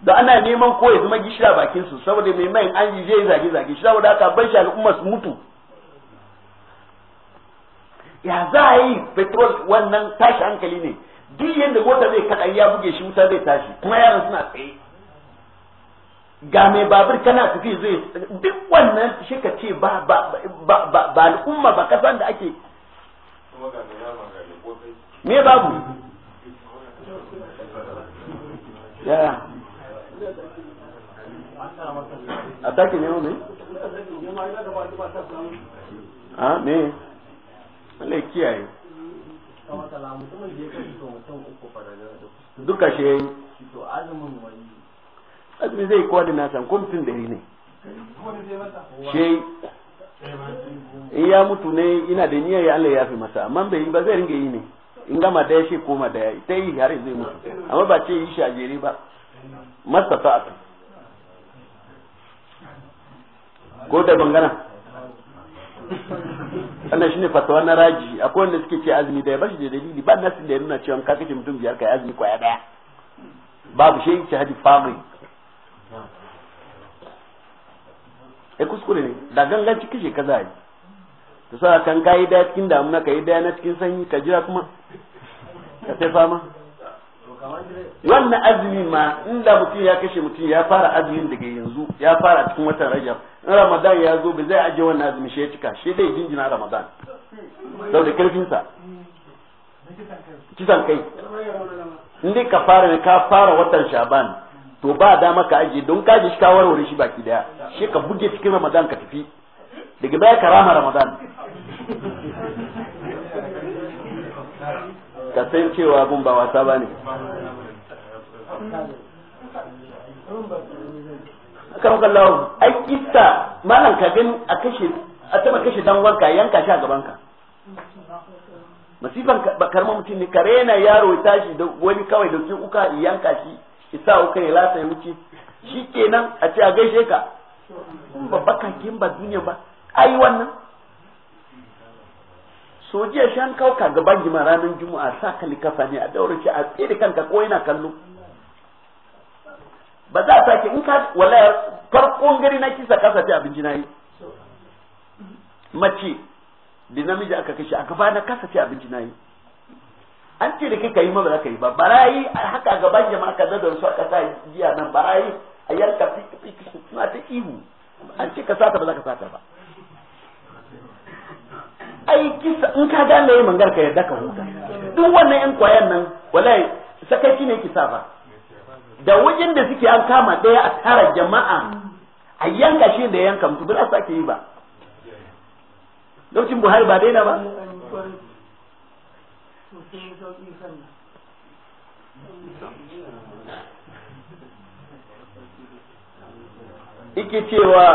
da ana neman koyi ya zama gishira bakin su saboda mai mai an zai zage zage saboda aka ban shi al'umma su mutu ya za a yi petrol wannan tashi hankali ne duk yadda mota zai kada ya buge shi wuta zai tashi kuma yaran suna tsaye ga mai babur kana tafi zai duk wannan shi ka ce ba ba ba ba al'umma ba kasa da ake me babu a take ne ne a me Allah ya kiyaye duka shi yayi azumi zai kowa da nasa ko mutum ɗari ne shi in ya mutu ne ina da niyyar Allah ya fi masa amma bai ba zai ringa yi ne in gama daya shi koma daya ita yi har zai mutu amma ba ce yi shi a jere ba masa sa'atu ko da bangana wannan shine fatawa na raji akwai wanda suke ce azumi da ya shi da dalili ba nasin da ya nuna cewa ka kace mutum biyar kai azumi kwaya daya babu shi yace hadi famai e eh, kuskure ne da ganganci shi ka zai to sai kan kai da cikin damuna kai da na cikin sanyi ka jira kuma ka sai fama wannan azumi ma inda mutum ya kashe mutum ya fara azumin daga yanzu ya fara cikin watan rajab in ramadan ya zo bai zai aje wannan azumi shi ya cika shi dai jinjina ramadan saboda karfinsa kisan kai in ka fara ne ka fara watan shaban to ba dama ka ajiye don ka ji shi ka warware shi baki daya shi ka buge cikin ramadan ka tafi daga baya ka rama ramadan ka san cewa abun ba wasa ba ne kan kallawo ai kista malam ka a kashe a taba kashe dan yanka shi a gaban ka masifan karma mutum ne kare na yaro ya tashi da wani kawai da su uka yanka shi isa uka ya lasa ya wuce shi kenan a ce a gaishe ka babba ba ba duniya ba ai wannan so jiya shan kauka bangi ma ranar juma'a sa ka likafa ne a daura shi a tsere kanka ko yana kallo ba za a sake in ka wallahi farkon gari na kisa kasa ce abinci na yi mace da namiji aka kashe a gaba na kasa ce abinci na yi an ce da kika ka yi ma ba za ka yi ba barayi haka a bangi ma aka zada su aka sa jiya nan barayi a yanka suna ta ihu an ce ka sata ba za ka sata ba ai kisa in ka ga mai mangar ka yarda ka huta duk wannan yan kwayan nan wallahi sakaci ne kisa ba da wajen da suke an kama daya a tara jama'a a yanka shi da yanka mutu ba za su yi ba lokacin buhari ba daina ba ike cewa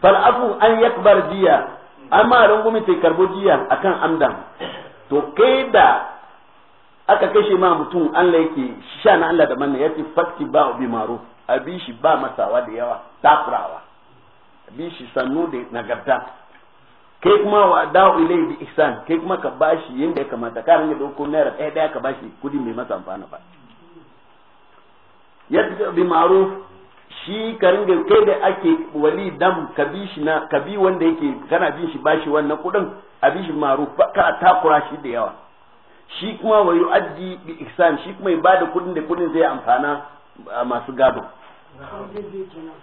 fal'afu an yakbar jiya amma rungumi sai karbo jiya akan amdan to kai da aka kashe ma mutum Allah yake sha na Allah da manna yace fakti ba bi maro abi shi ba masawa da yawa takurawa abi shi sannu da nagarta kai kuma wa da'u ilai bi ihsan kai kuma ka bashi yanda ya kamata ka rinka dauko naira ɗaya ɗaya ka bashi kudi mai masa amfana ba yadda bi maro shi karin da kai da ake wali dam ka bi shi na ka bi wanda yake kana bin shi bashi wannan kudin a bi shi maru ka takura shi da yawa shi kuma wa yu'addi bi ihsan shi kuma ya bada kudin da kudin zai amfana masu gado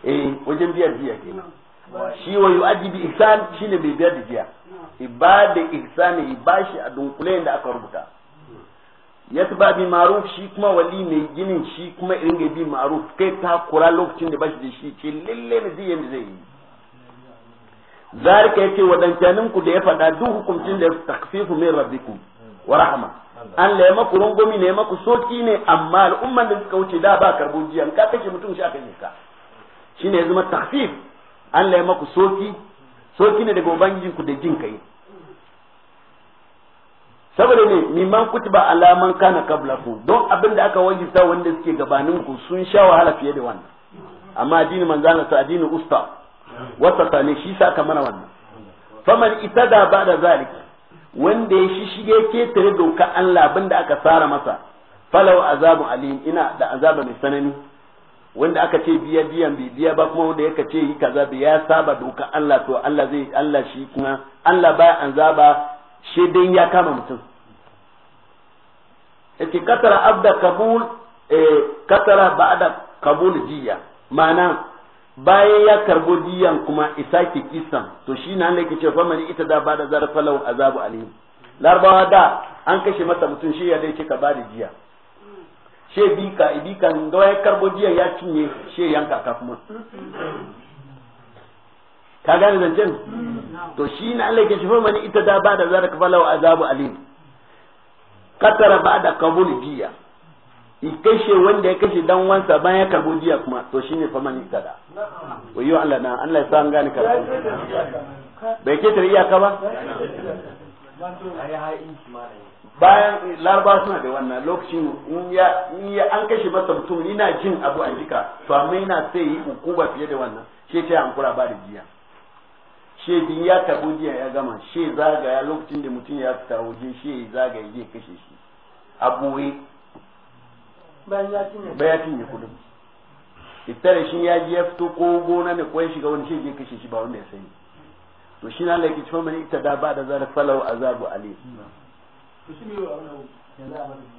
eh wajen biyar biya kenan shi wa yu'addi bi ihsan shine bai biyar da biya ibada ihsani ibashi a dunkule da aka rubuta ya bi maruf shi kuma wali mai ginin shi kuma irin ga bi maruf kai ta kura lokacin da bashi da shi ce lalle ne zai yanda zai yi zalika yace wadancanin ku da ya fada duk hukuncin da ya takfifu min rabbikum wa rahma an la maku rungumi ne maku soki ne amma al'umman da suka wuce da ba karbo jiya ka kace mutum shi aka yi ka shine ya zama takfif an la maku soki soki ne daga ubangijinku da jin kai saboda ne mimman kutuba alaman kana kabla ku don abin da aka wajibta wanda suke gabanin ku sun sha wahala fiye da wannan amma addinin manzana sa addini usta wata ne shi sa ka mana wannan faman ita da ba da zalik wanda ya shi shige ketare doka Allah abin da aka tsara masa falau azabu alim ina da azaba mai tsanani wanda aka ce biya biyan bai biya ba kuma wanda yaka ce yi kaza bi ya saba doka Allah to Allah zai Allah shi kuma Allah baya an shedan ya kama mutum yake katara abda kabul eh katara ba'da kabul jiya ma'ana bayan ya karbo jiyan kuma ki kisan to shi na ne ce fa mani ita da bada zarfa lahu azabu alim larabawa da an kashe masa mutum shi ya dai ce ka bada jiya she bika ibika ndo ya karbo jiyan ya cinye she yanka ka kuma ka gane zancen mm. to shi na Allah ke shi fa mani ita da bada zarfa lahu azabu alim katara ba da kabul jiya kashe wanda ya kashe dan wansa bayan ya karbo jiya kuma to shine fa man tada wayo Allah na Allah ya sa an gane karatu bai tare iyaka ba bayan larba suna da wannan lokacin in ya an kashe masa mutum ina jin abu a jika to amma ina sai yi hukuma fiye da wannan shi ta kura ba da jiya din ya tabo jiya ya gama she zagaya lokacin da mutum ya fita waje she zagaya zai kashe shi a boye bayan cinye kudin ittare shi ya ji ya fito ko gona ne koyi shiga wani shi zai kashe shi ba wanda ya sani to shi na laiki cewa mani ita da ba da zara falau azabu ali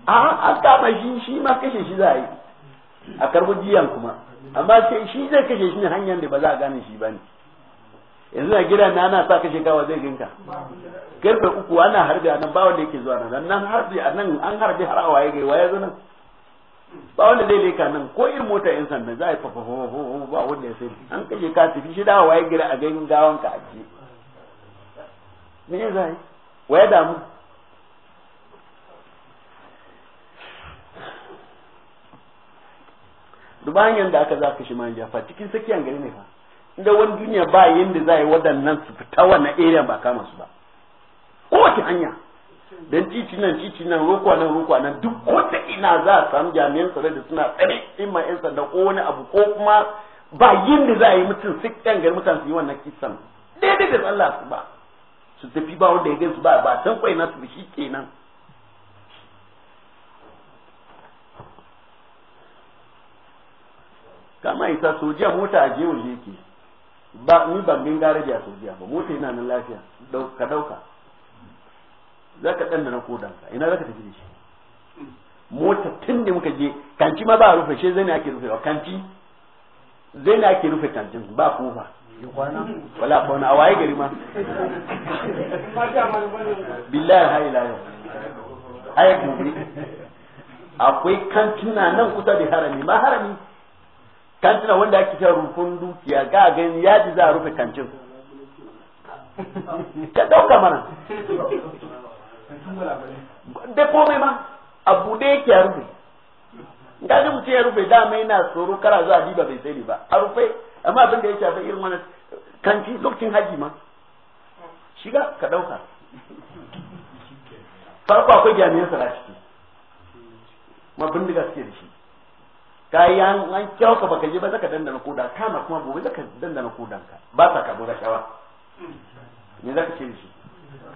a an kama shi shi ma kashe shi za a yi a karbi jiyan kuma amma shi zai kashe shi ne hanyar da ba za a gane shi ba ne yanzu a gidan na ana sa kashe kawa zai ginka karfe uku ana harbi a nan bawon da yake zuwa nan nan harbi a nan an harbi har awaye gai waye nan ba wanda zai leka nan ko irin mota yan sanda za a yi fafa hanyar da aka za cikin da wani duniya ba yadda za a yi waɗannan su fita wannan area ba kama su ba kowace hanya don titi nan titi nan nan nan duk wata ina za a samu jami'an tsaro da suna tsare in ma 'yansanda sanda ko wani abu ko kuma ba yadda za a yi mutum sai kan gari mutane su yi wannan kisan daidai da tsalla su ba su tafi ba wanda ya su ba ba san kwai nasu shi kenan kama isa sojiya mota a je waje ke ba ni ban bin garaji a saudiya ba mota yana nan lafiya ka dauka za ka ɗan da na kodanka ina za ka tafi da shi mota tun da muka je kanti ma ba a rufe shi zai ne ake wa kanti zai ne ake rufe kancin ba kofa wala kwana a waye gari ma billahi ha ila yau ayi akwai kantuna nan kusa da harami ma harami kantina wanda ake kira rufin dukiya ga gani ya ji za a rufe kantin ka dauka mana da komai ma a bude yake ya rufe ga ji mutum ya rufe dama yana tsoro kara zuwa diba bai sai ba a rufe amma abin da ya shafi irin wani kanci lokacin haji ma shiga ka dauka farko akwai jami'an sarashi ma bindiga suke da shi ka yi an kyau ka baka je ba zaka danda na koda kama kuma gobe zaka danda na kodan ka ba sa kabo da shawa me zaka ce shi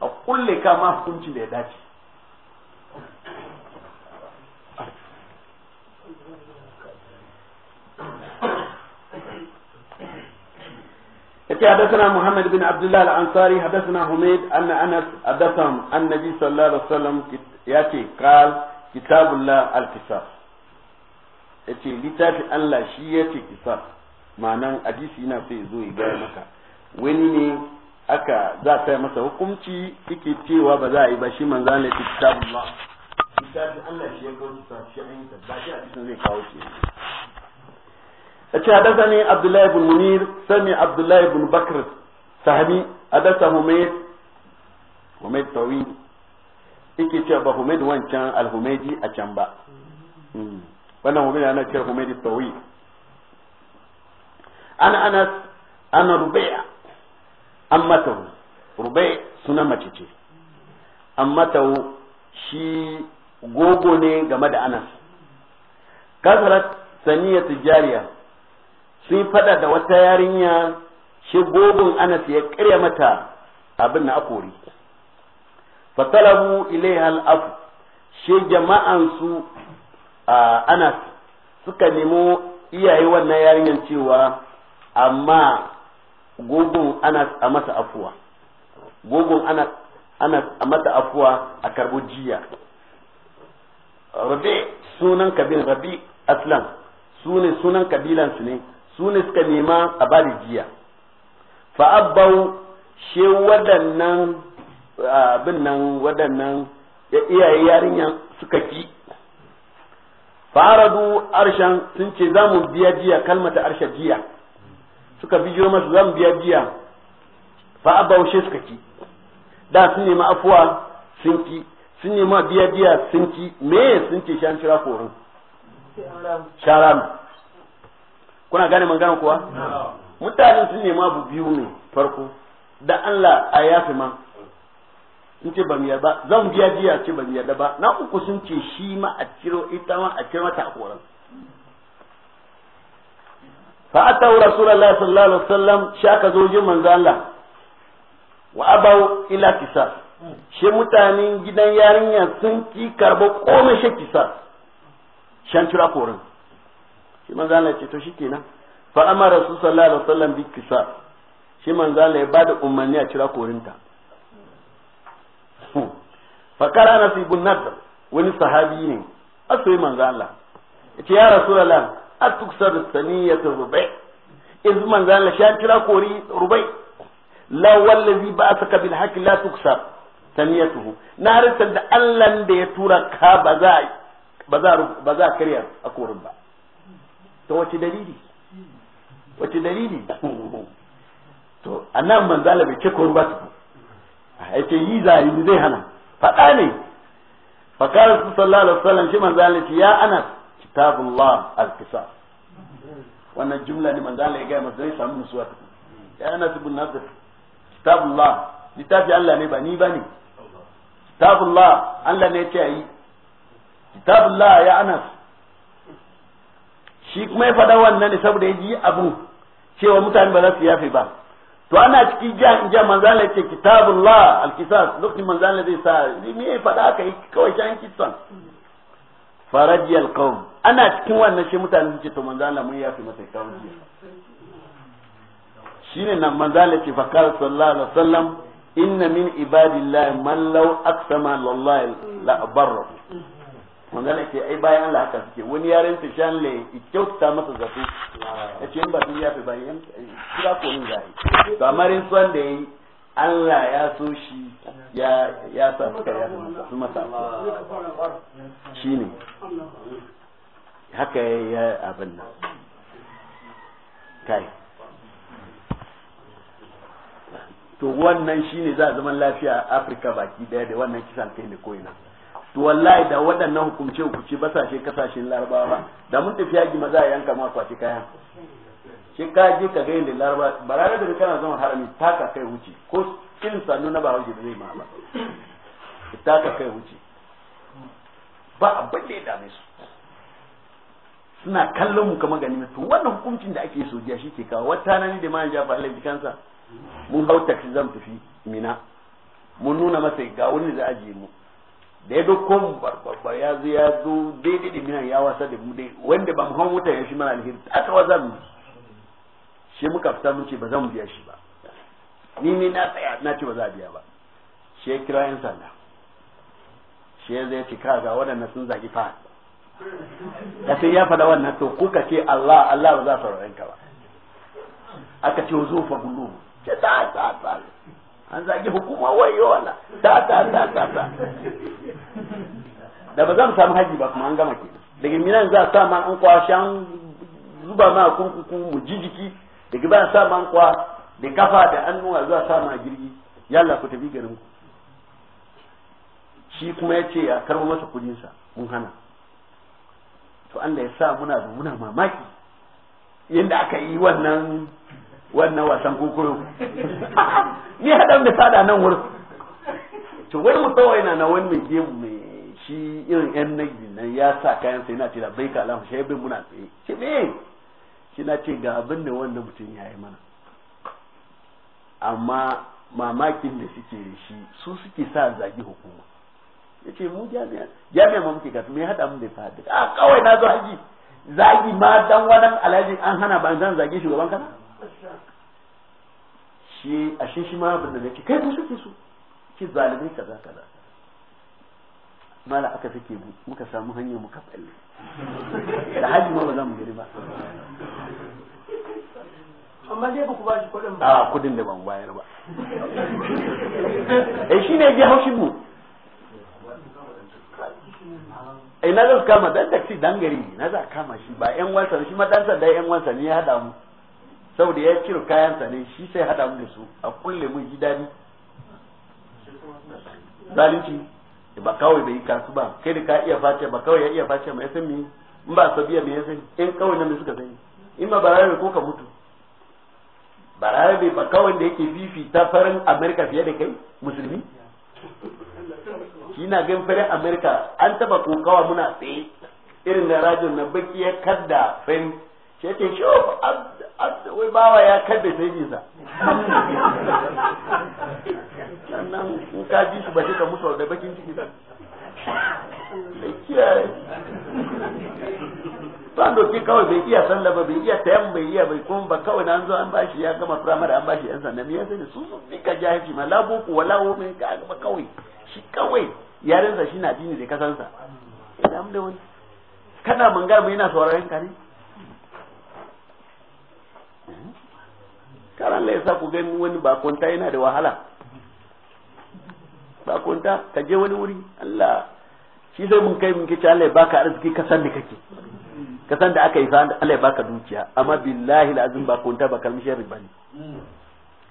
a kulle ka ma hukuncin da ya dace يتي حدثنا محمد بن عبد الله الأنصاري حدثنا حميد أن أنس حدثهم النبي صلى الله عليه وسلم يأتي قال كتاب الله القصاص yace littafi Allah shi yace kisab ma'anan hadisi yana so zo ya gaya maka wani ne aka za ta yi masa hukunci yake cewa ba za a yi ba shi manzo Allah ya kitab Allah shi ya kawo kisab shi an yi ba shi hadisin zai kawo shi yace hadathani Abdullah ibn Munir sami Abdullah ibn Bakr sahmi hadatha Humayd Humayd Tawil yake cewa ba Humayd wancan al-Humaydi a can ba hmm. wannan humayd ana cewa humayd tawi ana anas ana rubai'a ammatahu rubai suna mace ce ammatahu shi gogo ne game da anas kasarat saniya tijariya sun fada da wata yarinya shi gogon anas ya karya mata abin na akori fatalabu ilaiha al'afu shi jama'an su anas suka nemo iyaye wannan yarinyar cewa amma gogon anas a masa afuwa gogon ana ana a mata afuwa a karbo jiya rabi sunan kabil rabi aslam sune sunan su ne sune suka nema a bada jiya fa abbau she waɗannan abin nan waɗannan iyaye yarinya suka ki faradu arshan sun ce za mu biya jiya kalmata arsha jiya suka bi bijiyo masu za mu biya jiya fa abaushe suka ki da sun nema afuwa sun ki sun nema biya jiya sun ki me sun ce shan shira korin sharam kuna gane magana kuwa mutane sun nema abu biyu ne farko da Allah a yafi ma sun ce ba mu yarda zan biya jiya ce ba yarda ba na uku sun ce shi ma a ciro ita ma a ciro mata a koran fa atau rasulullahi sallallahu alaihi wasallam shi aka zo jin manzo Allah wa abau ila kisa shi mutanen gidan yarinya sun ki karba komai shi kisa shan cira koran shi manzo Allah ce to shikenan fa amara rasulullahi sallallahu alaihi wasallam bi kisa shi manzo Allah ya bada umarni a cira korinta fakar anas ibn nadr wani sahabi ne a asoyi manzo Allah ce ya rasu a rasulullah atuksar ta rubai in zu manzo Allah sha kira kori rubai la wallazi ba'athaka bil haqqi la tuksar saniyatuhu na rantsar da Allah da ya tura ka ba za ba za karya a korin ba to wace dalili wace dalili to annan manzo Allah bai ce korin ba su a yi zai hana faɗa ne Fakarar su sallallahu alaihi wasallam shi manzo Allah ya anas kitabullah al-qisas wannan jumla ne manzo Allah ya ga masa zai samu musuwa ya anas ibn nasr kitabullah littafi Allah ne ba ni bane kitabullah Allah ne ya ce yi kitabullah ya anas shi kuma ya faɗa wannan ne saboda ya ji abu cewa mutane ba za su yafe ba to ana cikin jiya in jiya manzo Allah ce kitabullah alkisas lokacin manzo Allah zai sa me ya faɗa aka yi kawai shan kisan faraji alqawm ana cikin wannan shi mutane su ce to manzo Allah mun yafi masa kawo jiya shine nan manzo Allah ce fakar sallallahu alaihi wasallam inna min ibadillahi man law aqsama lillahi la barra manzana ce ai bayan Allah haka suke wani yaren ta shan le kyautata masa zafi ya ce ba duniya fi bayan kira ko yin gari to amma rin son da yi Allah ya so shi ya ya sa suka ya su masa ne haka ya abin nan kai to wannan shine za a zaman lafiya Afirka baki daya da wannan kisan kai ne ko ina to wallahi da waɗannan hukumce hukumce ba sashe kasashen larabawa ba da mun tafi yaji maza a yanka ma kwaci kayan shi ka je ka ga yadda laraba barare da kana zama harami taka kai wuce ko kin sannu na ba wuce ba zai ma ba taka kai wuce ba abin da ya dame su suna kallon mu kamar ganima to wannan hukuncin da ake sojiya shi ke kawo wata nan da man ba Allah kansa mun hau taxi zan tafi mina mun nuna masa ga wani da ajiye mu da ya dokko mu babba ya zo ya zo daidai da minan ya wasa da mu dai wanda ba mu hau ya shi mana alheri aka wasa mu shi muka fita mun ce ba za mu biya shi ba ni ne na tsaya na ce ba za a biya ba shi ya kira yan sanda shi ya zai ce kaga waɗannan sun zagi fa da sai ya faɗa wannan to kuka ce Allah Allah ba za a faruwa ka ba aka ce zo fa ce ta ta ta an zage hukuma wayo wala ta ta ta ta ta da ba za samu haji ba kuma an gama ke daga minan za a sa ma an kwa an zuba ma kurkuku mu jijiki daga ba sa ma an kwa da kafa da annuwa za a sa ma girgi yalla ku tafi garin ku shi kuma ya ce a karbo masa kudinsa mun hana to Allah ya sa muna da muna mamaki yadda aka yi wannan wannan wasan kukuru ni hadan da sada nan wurin to wani mu yana na wani mai gemu shi irin yan nagi nan ya sa kayan sai na ce da bai kalam shi bai muna tsaye shi me shi na ce ga abin da wanda mutum ya yi mana amma mamakin da suke shi su suke sa zagi hukuma ya ce mu jami'a jami'a ma muke gasu me hada mu da ta a ah, kawai na zo haji zagi ma dan wani alhaji an hana ba zan zage shugaban kasa shi a shi ma abin da nake kai ku ke su ki zalimai kaza kaza mala aka sake muka samu hanyar muka falle da haji ma ba za mu gari ba amma dai ba ku ba shi kuɗin ba a ah, kuɗin da ban bayar ba eh shi ne ya haushi mu eh na zan kama dan taxi dan gari na za kama shi ba yan wansa shi ma dan sanda yan wansa ne ya hada mu saboda ya ciro kayansa ne shi sai hada mu da su a kulle mu ji dadi zalunci eh, ba kawai bai kasu ba kai da ka iya face ba kawai ya iya face mai san me in ba sabiya me ya san in kawai nan suka sani in ma barare ko ka mutu barare ba kawai da yake fifi ta farin america fiye da kai musulmi kina gan farin america an taba kokawa muna tsaye irin na rajin na baki ya kadda fain shi ce shi wai bawa ya kadda sai nisa sannan in ka ji su ba shi ka musu da bakin ciki ba kiyaye ba doki kawai bai iya sallah ba bai iya tayan bai iya bai kuma ba kawai na zo an bashi ya gama firamare an bashi yan sanda me yasa ne su su fika jahilci ma la boko wala wo min ka ba kawai shi kawai yarensa shi na dini da kasansa idan da wani kana mangar mai yana sauraron ka ne kara Allah ya sa ku gani wani bakonta yana da wahala bakonta ka je wani wuri Allah shi zai mun kai mun kici Allah ya baka arziki ka san da kake ka san da aka yi fa Allah ya baka dukiya amma billahi lazim bakonta ba kalmishin riba ne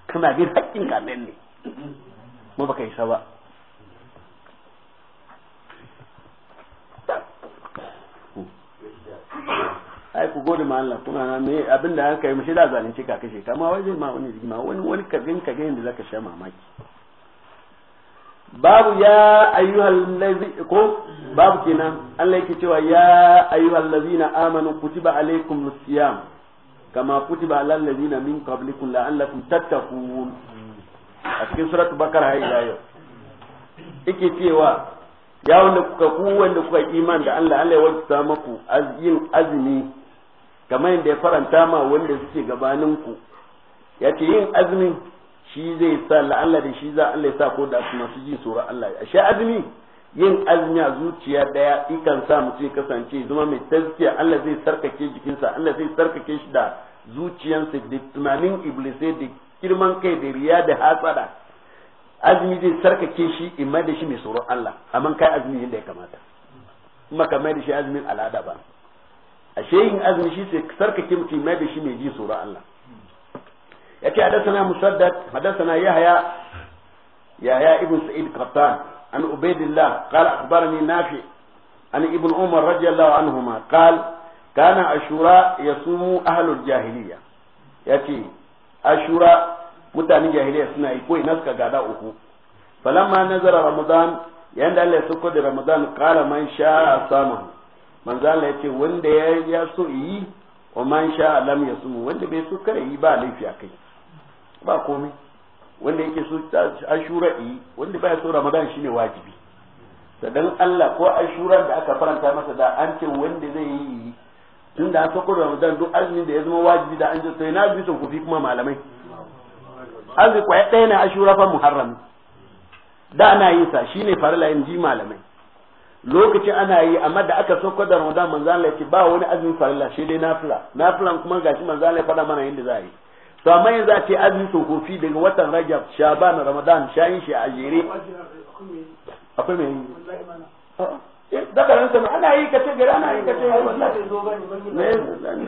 kana bin haƙƙin ka ne mu baka yi sa ba ai ku gode ma Allah kuna na me abin da aka yi mishi da zalunci ka kashe kama wai zai ma wani rigima wani wani kagin kagin da zaka sha mamaki babu ya ayyuhal ladhi ko babu kenan Allah yake cewa ya ayyuhal ladhina amanu kutiba alaykum siyam kama kutiba alal ladhina min qablikum la'allakum tattaqun a cikin suratul bakara har ila yau yake cewa ya wanda kuka ku wanda kuka iman da Allah Allah ya wajibta maku azin azmi kamar yadda ya faranta ma wanda suke gabaninku ya ce yin azumi shi zai sa la'alla da shi za Allah ya sa ko da su masu ji tsoro Allah ya shi azumi yin azumi a zuciya daya ikan sa mutum kasance zama mai tazkiya Allah zai sarkake jikinsa Allah zai sarkake shi da zuciyansa da tunanin iblisai da girman kai da riya da hatsada azumi zai sarkake shi imma da shi mai tsoro Allah amma kai azumi yadda ya kamata kuma kamar da shi azumin al'ada ba ashe yin azumi shi sai sarkake mutum mai da shi mai ji tsoron Allah yace hadathana musaddad hadasana yahya yahya ibn sa'id qattan an ubaydillah qala akhbarani nafi an ibn umar radiyallahu anhuma qala kana ashura yasumu ahlul jahiliya yace ashura mutanen jahiliya suna yi koyi naska gada uku falamma nazara ramadan yanda Allah ya sako da ramadan qala man sha'a samahu manzo Allah yace wanda ya ya so yi wa man sha ya so wanda bai so kare yi ba laifi akai ba komai wanda yake so ashura yi wanda bai so ramadan shine wajibi sadan Allah ko ashura da aka faranta masa da an ce wanda zai yi tun da an sako ramadan duk azumin da ya zama wajibi da an ce sai na bi son ku fi kuma malamai azumi kwaya ɗaya na ashura fa muharram da ana yin sa shine farla in ji malamai lokaci ana yi amma da aka so kwadar Ramadan manzan Allah ba wani azumi farilla shi dai nafila nafilan kuma gashi manzan Allah ya faɗa mana yadda za a yi to amma yanzu a ce azumi azumin tsofaffi daga watan Rajab Shaban Ramadan shayin shi a jere akwai mai yi daga ah, eh, ran sama ana yi kace gari ana yi kace wallahi zo bane bane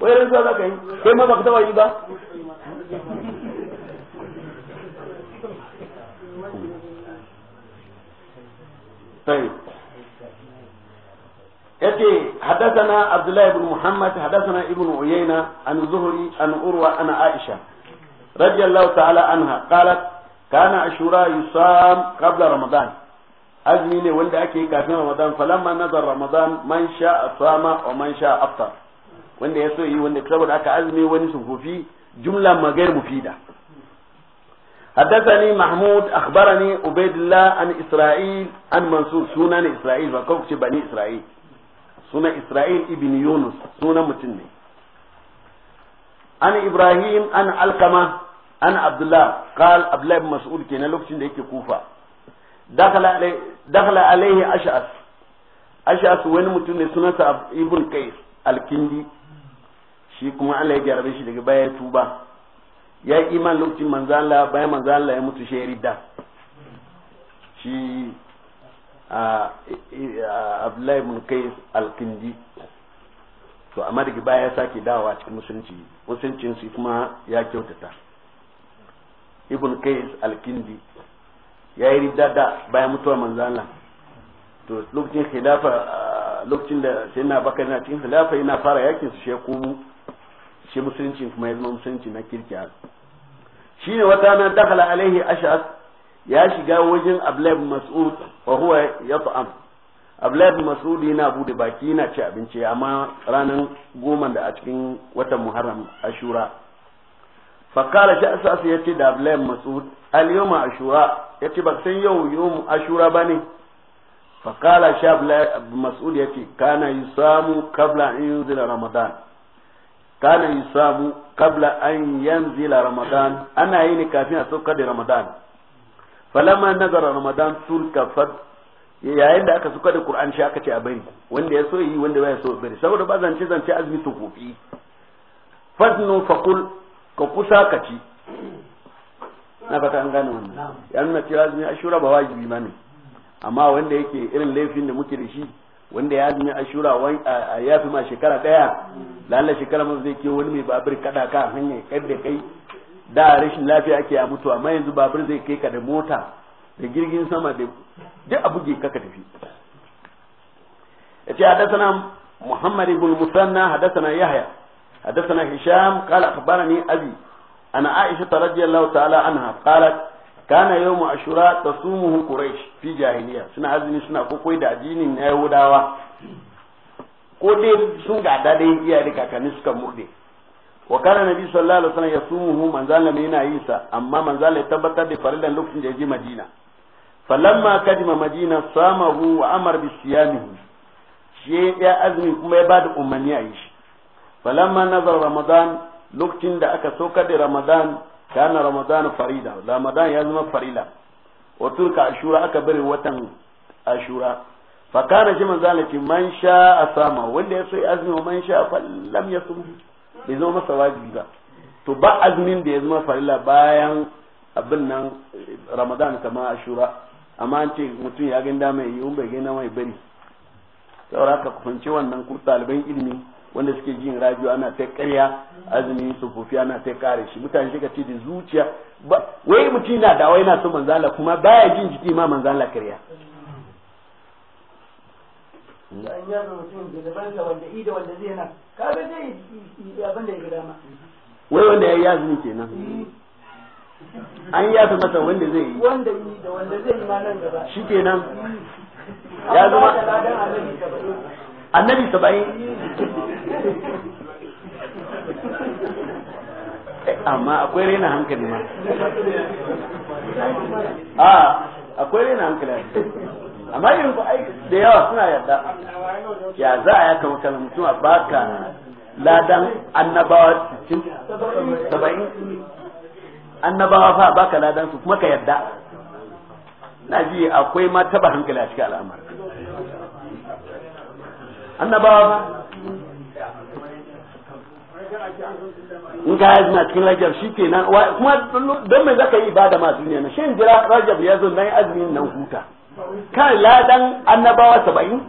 wai ran zuwa zaka yi kai ma baka taba yi ba طيب yace hadathana abdullah ibn muhammad hadathana ibn uyayna an zuhri an urwa an aisha radiyallahu ta'ala an qalat kana ashura yusam qabla ramadan azumi ne wanda ake kafin ramadan falamma nazar ramadan man sha sama wa man sha aftar wanda ya so yi wanda saboda aka azumi wani sufufi jumla magair mufida حدثني محمود أخبرني عبيد an عن إسرائيل عن منصور سنن إسرائيل وكوكش بني إسرائيل suna Isra'il ibn Yunus suna mutum ne. An Ibrahim an Alkama an Abdullah qal Abdullah ibn Mas'ud kenan lokacin da yake Kufa. Dakhala alaihi Ash'as. Ash'as wani mutum ne sunansa Ibn Qais Alkindi. Shi kuma Allah ya jarabe shi daga baya tuba. Ya yi iman lokacin manzala bayan manzala ya mutu shi ya ridda. Shi abdullahi kai alkindi to amma daga baya ya sake dawowa cikin musulunci musuluncin su kuma ya kyautata ibn kais alkindi ya yi da bayan mutuwar manzana to lokacin khilafa lokacin da sai na baka na cikin khilafa yana fara yakin su shi komo shi musulunci kuma ya zama musulunci na kirkiya shine wata na dakhala alaihi ash'as ya shiga wajen Abdullahi Mas'ud wa huwa yat'am Abdullahi Mas'ud yana bude baki yana ci abinci amma ranar goma da a cikin watan Muharram Ashura fakala shi asasi ya ce da Abdullahi Mas'ud al-yawma Ashura ya ce ba san yau yawm Ashura bane fakala shi Abdullahi Mas'ud ya ce kana yusamu qabla an yunzila Ramadan kana yusamu qabla an yanzila Ramadan ana yi ne kafin a saukar da Ramadan falama nazara ramadan kafat yayin da aka suka da qur'an shi aka ce a bari wanda ya so yi wanda ya so bari saboda ba zance zance azumi to kofi fadnu faqul ka kusa ka ci na fata an gane wannan ya nuna cewa azumi ashura ba wajibi ba ne amma wanda yake irin laifin da muke da shi wanda ya azumi ashura a fi ma shekara daya lalle shekara mun zai ke wani mai babir kada ka hanya kai da kai da rashin lafiya ake a mutuwa amma yanzu babur zai kai ka da mota da jirgin sama da duk abu ke kaka tafi yace hadathana muhammad ibn musanna hadathana yahya hadathana hisham qala akhbarani abi ana aisha radhiyallahu ta'ala anha qalat kana yawmu ashura tasumuhu quraish fi jahiliya suna azumi suna kokoi da addinin na yahudawa ko dai sun gada dai iyaye kakanni suka murde wa kana nabi sallallahu alaihi wasallam yasumuhu manzala mai yana yi sa amma manzala ya tabbatar da faridan lokacin da ya je madina falamma kadima madina samahu wa amar bi siyamihi shi ya azumi kuma ya bada umarni a yi shi falamma nazar ramadan lokacin da aka saukar da ramadan kana ramadan farida ramadan ya zama farila wa turka ashura aka bari watan ashura fa kana shi zalla ki man sha asama wanda ya so azumi man sha fallam yasumuhu bai zama masa wajibi ba to ba azumin da ya zama farilla bayan abin nan ramadan kamar ashura amma an ce mutum ya ganda mai yi bai gina mai bari saboda haka fahimci wannan ku ɗaliban ilimi wanda suke jin rajiyo ana ta karya azumi tsofaffi ana ta kare shi mutane suka ce da zuciya wai mutum na da wai na so manzala kuma baya jin jiki ma manzala karya da an mutum da wanda i da wanda zai na kaga zai abin da ya wai wanda ya yi azumi kenan eh. an yafi masa wanda zai yi wanda yi da wanda zai yi ma nan gaba shi kenan ya zama annabi saba'in eh, amma akwai raina hankali ma a ah, akwai raina hankali amma yanzu ai da yawa suna yarda ya za a yaka wutar mutum a baka ladan annabawa cikin saba'in annabawa fa baka ladan su kuma ka yarda na ji akwai ma taba hankali a cikin al'amari annabawa in ka yi na cikin rajab shi ke nan kuma don mai zaka yi ba da duniya na shi jira rajab ya zo na yi azumin nan huta kan ladan annabawa saba'in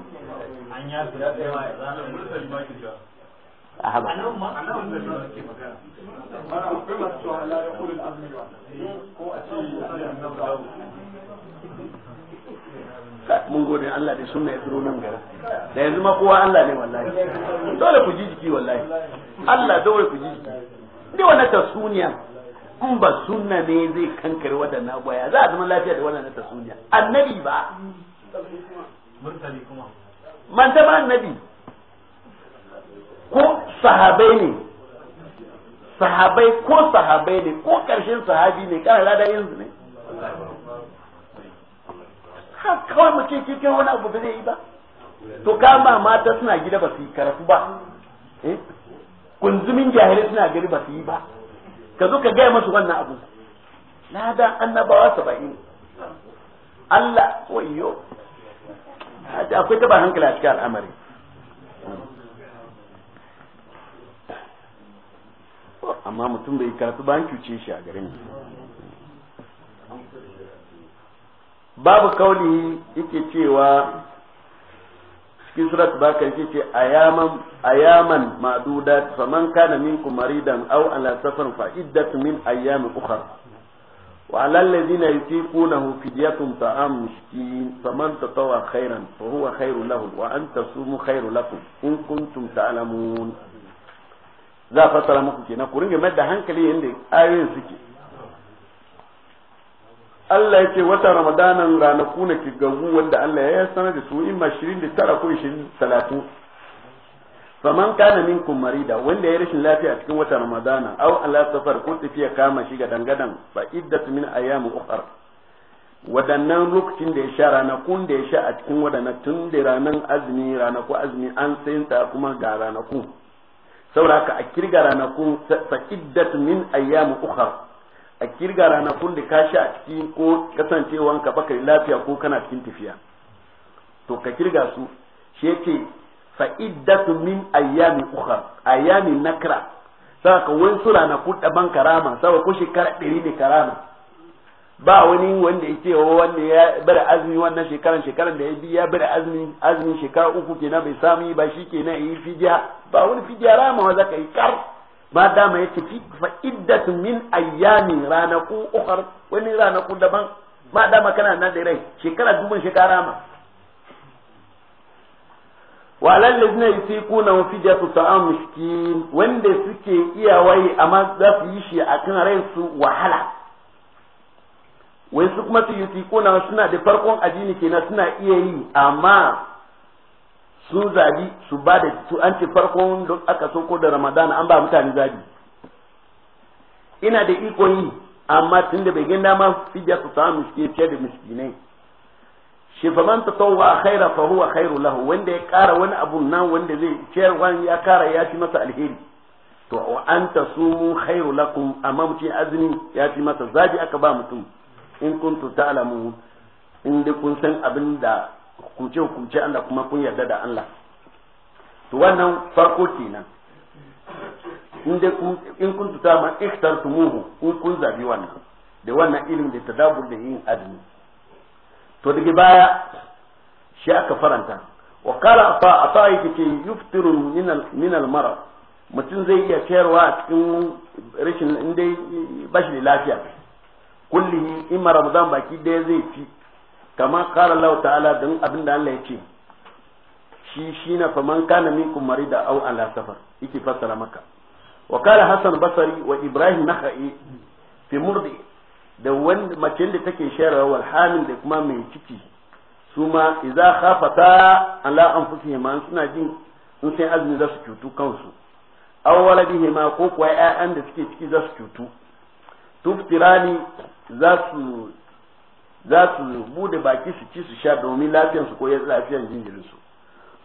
mun gode Allah da sunna ya turo nan gara da yanzu ma kowa Allah ne wallahi dole ku ji jiki wallahi Allah dole ku ji jiki ni wannan tasuniya in ba sunna ne zai kankare waɗannan baya za a zama lafiya da wannan ta sunya annabi ba man ta ba annabi ko sahabai ne sahabai ko sahabai ne ko karshen sahabi ne kana lada yanzu ne ha kawai mutum ke wani abu ba zai yi ba to kama mata suna gida ba su yi karatu ba eh? kunzumin jahilai suna gari ba su yi ba ka zo ka gaya masu wannan abu na da annabawa saba'in Allah wayo akwai taba hankali a cikin al'amari amma mutum bai karatu ba cuce shi a garin babu kauli yake cewa cikin surat ba karshe ce ayaman ayaman ma'dudat faman kana minkum maridan aw ala safar fa iddatu min ayyamin ukhra wa alal ladina yutiqunahu fidyatun ta'am miskin faman tatawa khairan fa huwa khairul lahu wa an tasumu khairul lakum in kuntum ta'lamun za fasara muku kenan ku ringa mai da hankali yanda ayoyin suke Allah ya ce wata ramadanan ranaku na kigagu wanda Allah ya sanar da su in ma shirin da tara ko shirin talatin faman kana min marida wanda ya rashin lafiya cikin wata ramadana aw ala safar ko tafiya kama shi ga dangadan fa iddatu min mu ukhra wadannan lokacin da ya sha ranakun da ya sha a cikin wadannan tun da ranan azumi ranaku azumi an sayinta kuma ga ranaku saboda haka a kirga ranakun fa iddatu min ayyam ukar. a kirga ranakun da kashi a ciki ko kasancewa ka baka lafiya ko kana cikin tafiya to ka kirga su shi yace fa iddatu min ayami ukhra ayami nakra saka wani sura na ku daban karama saboda ko shekara ɗari ne karama ba wani wanda ya ce oh, wanda ya bari azumi wannan shekaran shekaran da ya bi ya bari azumi azumin shekara uku kenan bai sami ba shi kenan yi fidiya ba wani fidiya rama wa zaka yi kar ba dama ya tafi fa iddatu min ayyami ranaku ukhar wani ranaku daban ma dama kana nan da rai shekara dubin shekara ma wa alal ladina wa fidatu ta'am miskin wanda suke iya waye amma za su yi shi akan rai su wahala wai su kuma su yusiquna suna da farkon ajini kenan suna iya yi amma su zabi su ba da su an ce farkon don aka soko da ramadan an ba mutane zabi ina da iko yi amma tun da bai gina fi fidya su samu miski ce da miskinai shi fa man tawwa khaira fa huwa khairu lahu wanda ya kara wani abu nan wanda zai ciyar wani ya kara ya ci masa alheri to wa anta su khairu lakum amma mutum azumi ya ci masa zabi aka ba mutum in kuntu ta'lamu in kun san abin da hukunce hukunce Allah kuma kun yarda da Allah to wannan farko kenan in dai in kun tuta ma ikhtartumuhu in kun zabi wannan da wannan ilimin da tadabbur da yin azumi to daga baya shi aka faranta wa qala fa afa yake yuftiru min al mara mutum zai iya ciyarwa a cikin rashin in dai bashi da lafiya kullum in ramadan baki daya zai fi kama kara Allah ta'ala don abin da Allah ya ce shi shi na faman kana minkum marida aw ala safar yake fassara maka wa kala hasan basari wa ibrahim nakhai fi murdi da wanda mace da take shayarwa wal hamil da kuma mai ciki su ma idza khafata ala anfusihim an suna jin sun sai azumi za su cutu kansu aw waladihima ko kuwa ƴaƴan da suke ciki za su cutu tuftirani za su za su bude baki su ci su sha domin lafiyar su ko ya lafiyar jinjirin su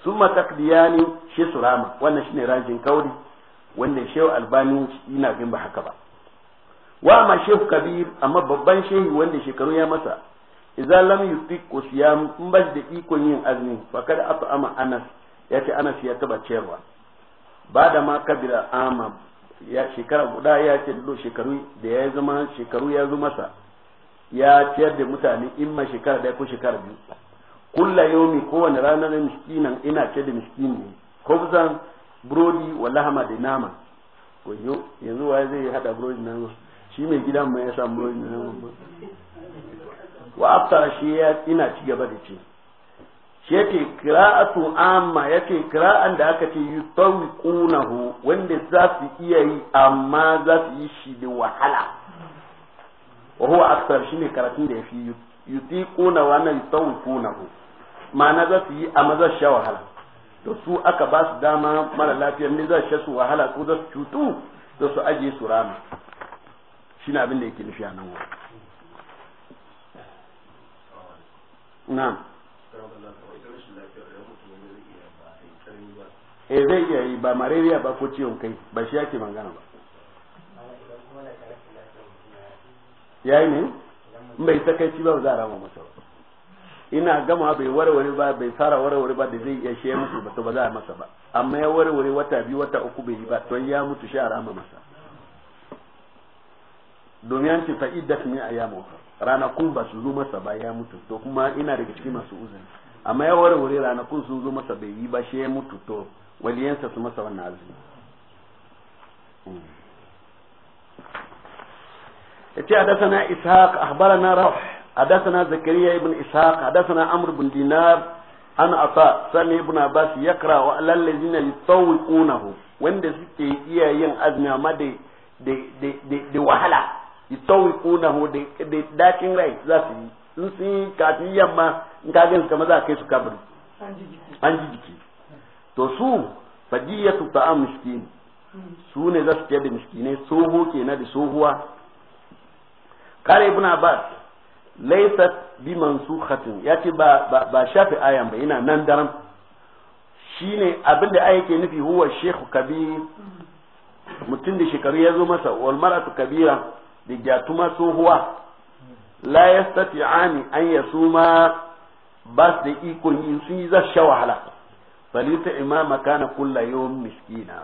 sun matakdiyani shi su rama wannan shine rajin kauri wanda shehu albani yana bin ba haka ba wa ma shehu kabir amma babban shehu wanda shekaru ya masa idan lam yutiq ko siyam in ba da ikon yin azumi fa kada ama anas yace anas ya taba cewa ba da ma kabira ama ya shekara guda ya ce shekaru da ya zama shekaru ya zo masa ya ciyar da mutane in ma shekara ɗaya ko shekara biyu kulla yomi kowane ranar miskinan ina ciyar da miskini ko kusan burodi wa lahama da nama koyo yanzu wa zai hada burodi na nama shi mai gidan mai ya samu burodi na nama wa aftar shi ya ina ci gaba da ci shi yake qira'atu amma yake qira'an da aka ce yutawiqunahu wanda za su iya yi amma za su yi shi da wahala wa huwa aksar shine karatun da yafi wannan wa na ku ma'ana za su yi a maza sha wahala da su aka ba su dama mara lafiya ne za su sha su wahala ko za su cutu da su ajiye su rama shine abin da yake nufi a nan wurin na'am eh zai iya yi ba malaria ba ko ciwon kai ba shi yake magana ba yayi ne mai sakaici ba za a rama masa ina gama bai warware ba bai fara warware ba da zai iya shi ya mutu ba to ba za a masa ba amma ya warware wata biyu wata uku bai yi ba to ya mutu shi a rama masa domin an ce fa'iddat ne a yamu kun ba su zo masa ba ya mutu to kuma ina daga cikin masu uzuri amma ya warware kun sun zo masa bai yi ba shi ya mutu to waliyansa su masa wannan azumi hmm. yace hadathana ishaq akhbarana raf hadathana zakariya ibn ishaq hadathana amr ibn dinar an ata sami ibn abbas yakra wa alal ladina yutawiqunahu wanda suke iya yin azumi amma da da wahala yutawiqunahu da da dakin rai za su yi in sun yi kafin yamma in ka gansu kamar za kai su kabari an ji jiki to su fadiyatu ta'am miskin su ne za su ke da miskinai tsoho kenan da tsohuwa kare ibn abbas laysat bi mansukhatin yace ba ba shafi ayan ba ina nan daram shine abin da aya nufi huwa shekhu kabir mutum da shekaru ya zo masa wal mar'atu kabira da so tsohuwa la ya an yasuma suma bas da ikon yi sun yi za sha wahala falita imama kana kulla miskina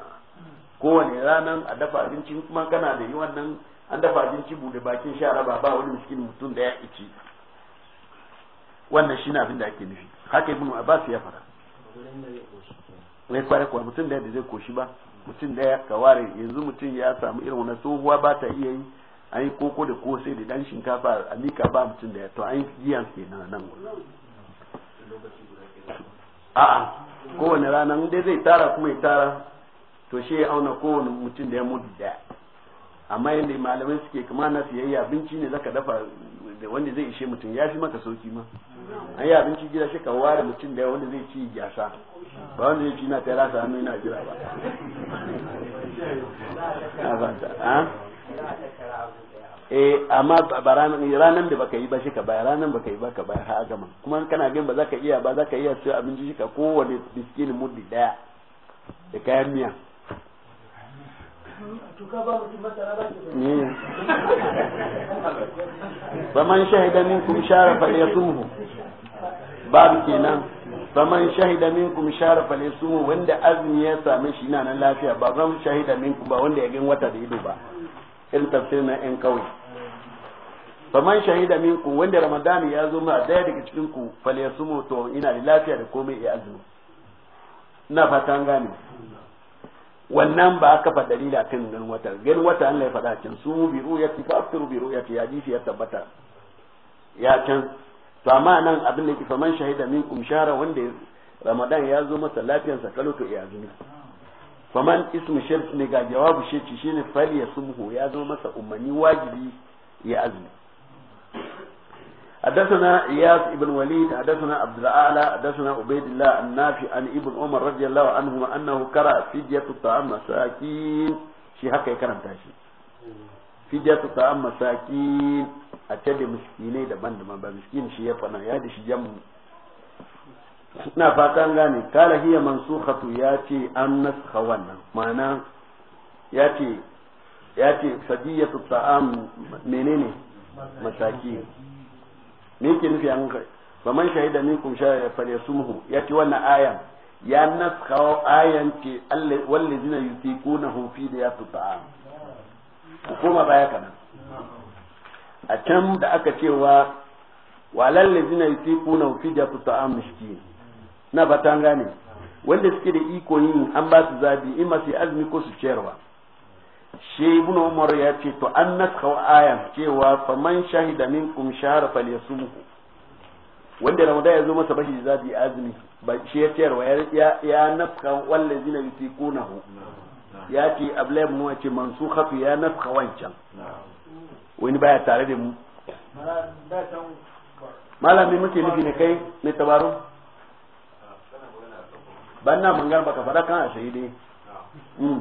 kowane ranar a dafa abincin kuma kana da yi wannan an dafa abinci bude bakin sha raba ba wani miskin mutum da ya ici wannan shine abin da ake nufi haka ibnu abbas ya fara wai kware mutum da zai koshi ba mutum da ka ware yanzu mutum ya samu irin wani tsohuwa ba ta iya yi an yi koko da kose da dan shinkafa a mika ba mutum da ya to an yi jiyan ke nan nan a'a kowane rana in dai zai tara kuma ya tara to shi ya auna kowane mutum da ya mudu daya amma yadda malamai suke kama na siyayya abinci ne zaka dafa da wanda zai ishe mutum ya fi maka sauki ma an yi abinci gida shi kawo ware mutum da wanda zai ci gyasa ba wanda zai ci na tara sa hannu yana jira ba eh amma ranar ranan da baka yi ba shi ka baya ranan baka yi ba ka baya ha gama kuma kana gani ba za ka iya ba za ka iya cewa abinci shi ka kowane biskini muddi daya da kayan miya faman shahida minkum shara falyasuhu babu kenan faman shahida minkum shara falyasuhu wanda azumi ya same shi na nan lafiya ba zan shahida minkum ba wanda ya gin wata da ido ba irin tafsirin na yan kawai faman shahida minkum wanda ramadani ya zo ma daya daga cikin ku falyasuhu to ina da lafiya da komai ya na ina fatan gane wannan ba aka fa dalili kan nan wata gin wata Allah ya faɗa can su bi ru'yati fa aftiru bi ru'yati ya ji ya tabbata ya can to amma nan abin da fa man shahida minkum shara wanda Ramadan ya zo masa sa kalu to ya fa man ismu shirk ne ga jawabu shi shine fali ya sumhu ya zo masa ummani wajibi ya azumi حدثنا اياس بن وليد حدثنا عبد الاعلى حدثنا عبيد الله النافي عن ابن عمر رضي الله عنهما انه قرا فدية الطعام مساكين شي هكا يكرم تاشي فدية الطعام مساكين اتد مسكيني دبان دبان با مسكين شي يفنا يا دي شي جم نا فاتان غاني قال هي mansukhatu ياتي ان نسخ ونا معنى ياتي ياتي فدية الطعام ce مساكين me yake nufi an kai ba man shahida minkum shahida falyasumhu yace wannan ayan ya naskawo ayan ce wallazina yutiqunahu fi da ta'am ku baya kana a can da aka cewa walal lazina yutiquna fi da ta'am miskin na batanga gane wanda suke da iko yin an ba su zabi in ma sai azumi ko su ciyarwa shi ibn umar ya ce to an naskha ayan cewa man shahida minkum shahara falyasumhu wanda ramadan ya zo masa bashi za bi azumi ba shi ya tayarwa ya ya naskha wallazina yutiqunahu ya ce ablay mu ya ce mansukha ya naskha wancan wani baya tare da mu malami muke nufi ne kai ne tabaro ban na mangar baka fara kan a shahidai hmm.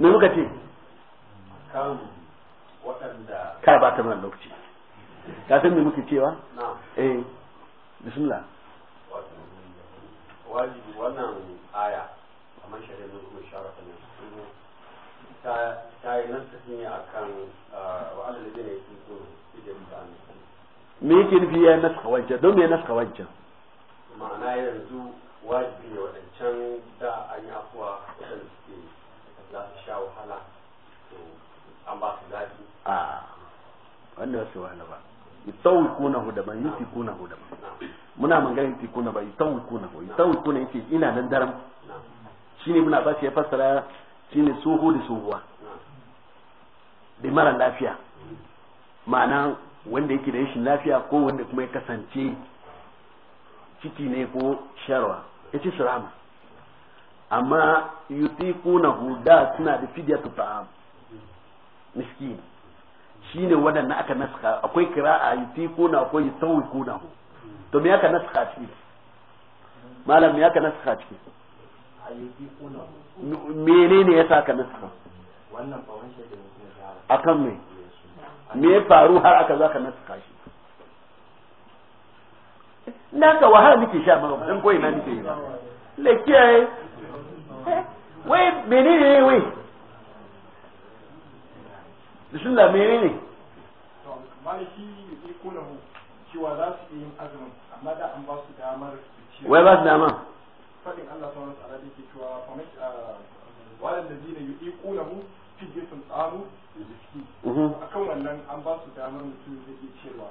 me muka ce ka ba ta mana lokaci ka san me muke cewa eh bismillah wajibi wannan aya kamar shari'a ne kuma sharafa ne ta Ta yi nasta ne a kan wa'adar da ne su zo su me yake nufi ya naska wancan don me naska wancan ma'ana yanzu wajibi ne waɗancan da an yi afuwa a ah, wanda wasu wani ba yutawul kuna hu daban yuti kuna hu daban muna magana yuti kuna ba yutawul kuna hu yutawul kuna yace ina nan daram shine muna ba shi ya fassara shine suhu da suhuwa da mara lafiya ma'ana wanda yake da rashin lafiya ko wanda kuma ya kasance ciki ne ko sharwa ya ci surama amma yuti kuna hu da suna da fidya ta'am miskini shine wadanda aka naska akwai kira'a fi kuna ko sauyi kuna to me aka naska ciki malam me aka naska ciki menene ya sa ka naska wannan fa wancan da akan me me ya faru har aka za ka naska shi na ka wahala nake sha maka dan koyi na nake yi ba le kiyaye wai menene wai bismillah menene ne maliki ya ko da cewa za su amma da an ba su damar su wai ba su dama fadin Allah cewa fa mai akan ah, mhm. wannan an ba su damar mutum zai cewa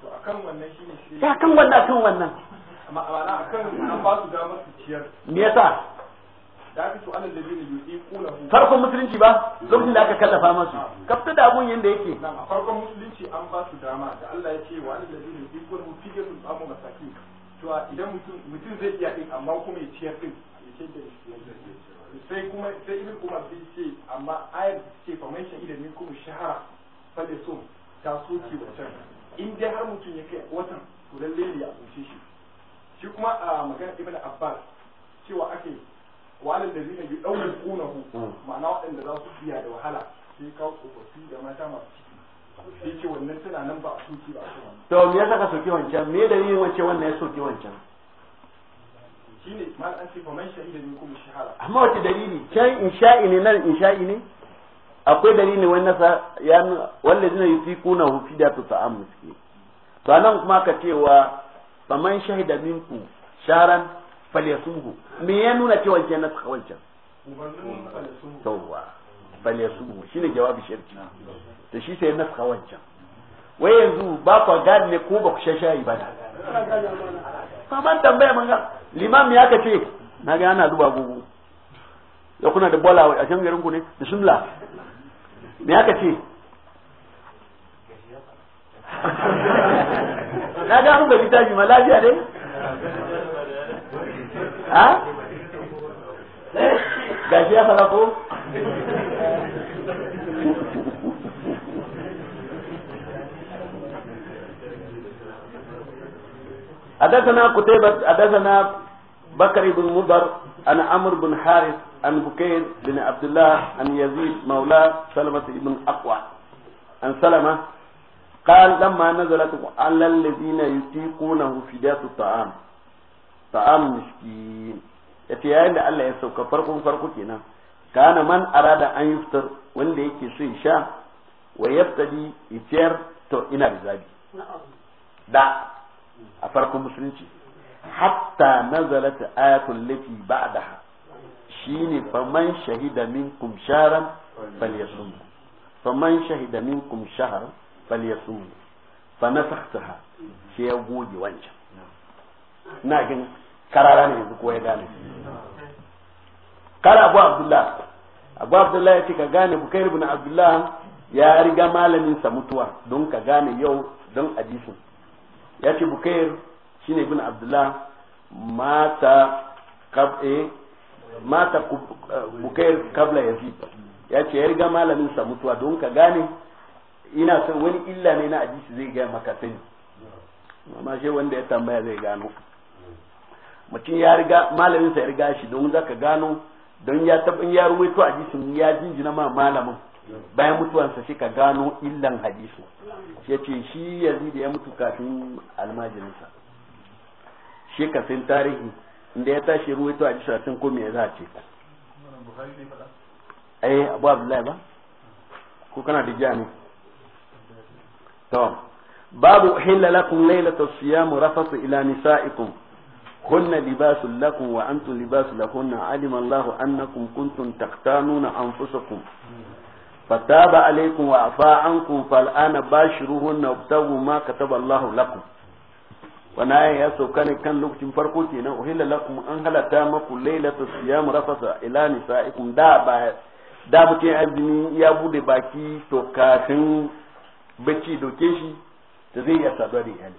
to akan wannan shine shi akan wannan akan wannan amma ana akan an ba su damar su ciyar me yasa farkon musulunci ba lokacin da aka kallafa masu kafta da abun yanda yake farkon musulunci an ba su dama da Allah ya ce wa da alladhina yuqulu sun samu masaki to idan mutum zai iya din amma kuma ya ciyar din sai kuma sai ibn kuma sai ce amma ayar ce fa idan ne kuma shahara fa da so ta soke wancan in dai har mutum ya kai watan to lalle ne ya abunce shi shi kuma a magana ibn abbas cewa ake walin da zina yi ɗaurin ƙunahu hmm. ma'ana waɗanda za su biya da wahala sai kawo tsofaffi da mata masu ciki sai ce wannan tana nan ba a soke ba a soke to me ya saka soke wancan me da yin wace wannan ya soke wancan shine mal an ce faman shahida min kuma shahara amma wace dalili can insha'i ne nan insha'i ne akwai dalili wani nasa ya wanda zina yi fi hufi da su sa'an miski to anan kuma ka cewa faman shahida minku sharan falyasuhu me ya nuna cewa wancan na saka wancan tawwa falyasuhu shine jawabi shirki to shi sai na saka wancan wai yanzu ba ku gadi ne ko ba ku shashayi ba ba ban tambaya manga limam ya ce na ga ana zuba gugu ya kuna da bola a can garin ku ne da shimla me aka ce na ga mu ga littafi ma lafiya ne ha gashi ya fara ko حدثنا قتيبة حدثنا بكر بن مضر عن عمرو بن حارث عن بكير بن عبد الله عن يزيد مولاه سلمة بن أقوى عن سلمة قال لما نزلت على الذين يطيقونه فداء الطعام ta'am miskin yace yayin da Allah ya sauka farkon farko kenan kana man arada an yuftar wanda yake so ya sha wa yaftadi ifyar to ina da zabi da a farkon musulunci hatta nazalat ayatul lati ba'daha shine faman shahida minkum sharan falyasum faman shahida minkum shahran falyasum fa nasakhtaha sai ya goge wancan na gani karara ne yanzu kowa ya gane kala abu abdullah abu abdullah ya ce ka gane bukai ibn abdullah ya riga malamin sa mutuwa don ka gane yau don hadisin ya ce bukair shine ibn abdullah mata kab'e eh, mata bukair kabla yazid ya ce ya riga malamin sa mutuwa don ka gane ina son wani illa ne na hadisi zai gaya maka sani amma shi wanda ya tambaya zai gano mutum ya riga malamin sa ya riga shi don zaka gano don ya taba ya ruwaito hadisin ya jinjina ma malamin bayan mutuwansa shi ka gano illan hadisin shi yace shi yazid ya mutu kafin almajirinsa shi ka san tarihi inda ya tashi ruwaito hadisin sun ko me za a ce ka eh abu abdullahi ba ko kana da jami to babu hilalakum lakum laylatu siyam rafatu ila nisaikum هن لباس لكم وأنتم لباس لهن علم الله أنكم كنتم تختانون أنفسكم فتاب عليكم وعفى عنكم فالآن باشروهن وابتغوا ما كتب الله لكم وانا يا سوكان كان لوكتين فرقو كينا أهل لكم أن هل تامكم ليلة الصيام رفث إلى نسائكم دابا da mutum azumi ya bude baki to kafin bacci doke shi da zai iya saduwa da iyali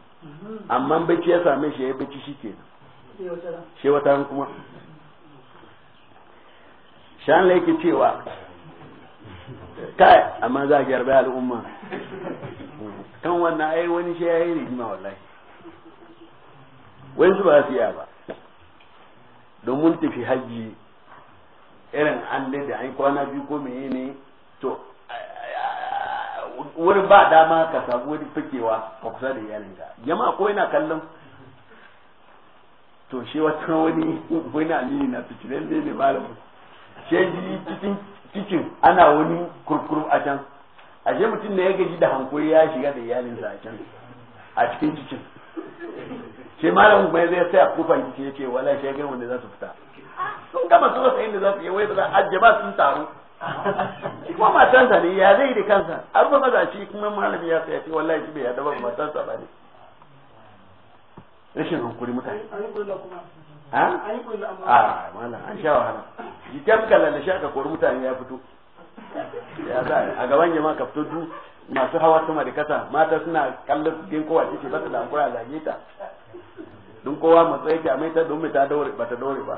amma bacci ya same shi ya bacci shi kenan shi wata kuma shan laiki cewa kai amma za a bai al'umma kan wannan ai wani shi ya yi jima wallahi wani su ba su iya ba domin tafi hajji irin an da an kwana biyu ko meye ne to wurin ba dama ka samu wani fakewa ka kusa da iyalinka jama'a ko yana kallon to shi wata wani wani aliyu na su cire ne ne malamu shi ji cikin cikin ana wani kurkuru a can a shi mutum ne ya gaji da hankuri ya shiga da iyalinsa a can a cikin cikin shi malamin kuma zai a kufan cikin ya ce wala shi gani wanda za su fita sun gama su rasa inda za su yi wai ba ba sun taru kuma matansa ne ya zai da kansa an ba maza shi kuma malami ya ya ce wallahi shi bai yada ba matansa ba ne rashin hankuri mutane a a ah, malam an sha wahala ji tamka da aka kori mutane ya fito a gaban jama'a ka fito du masu hawa sama da kasa mata suna kallon su gen kowa ce ba ta da hankura zage ta don kowa matsayi ta a mai ta don ta daure ba ta daure ba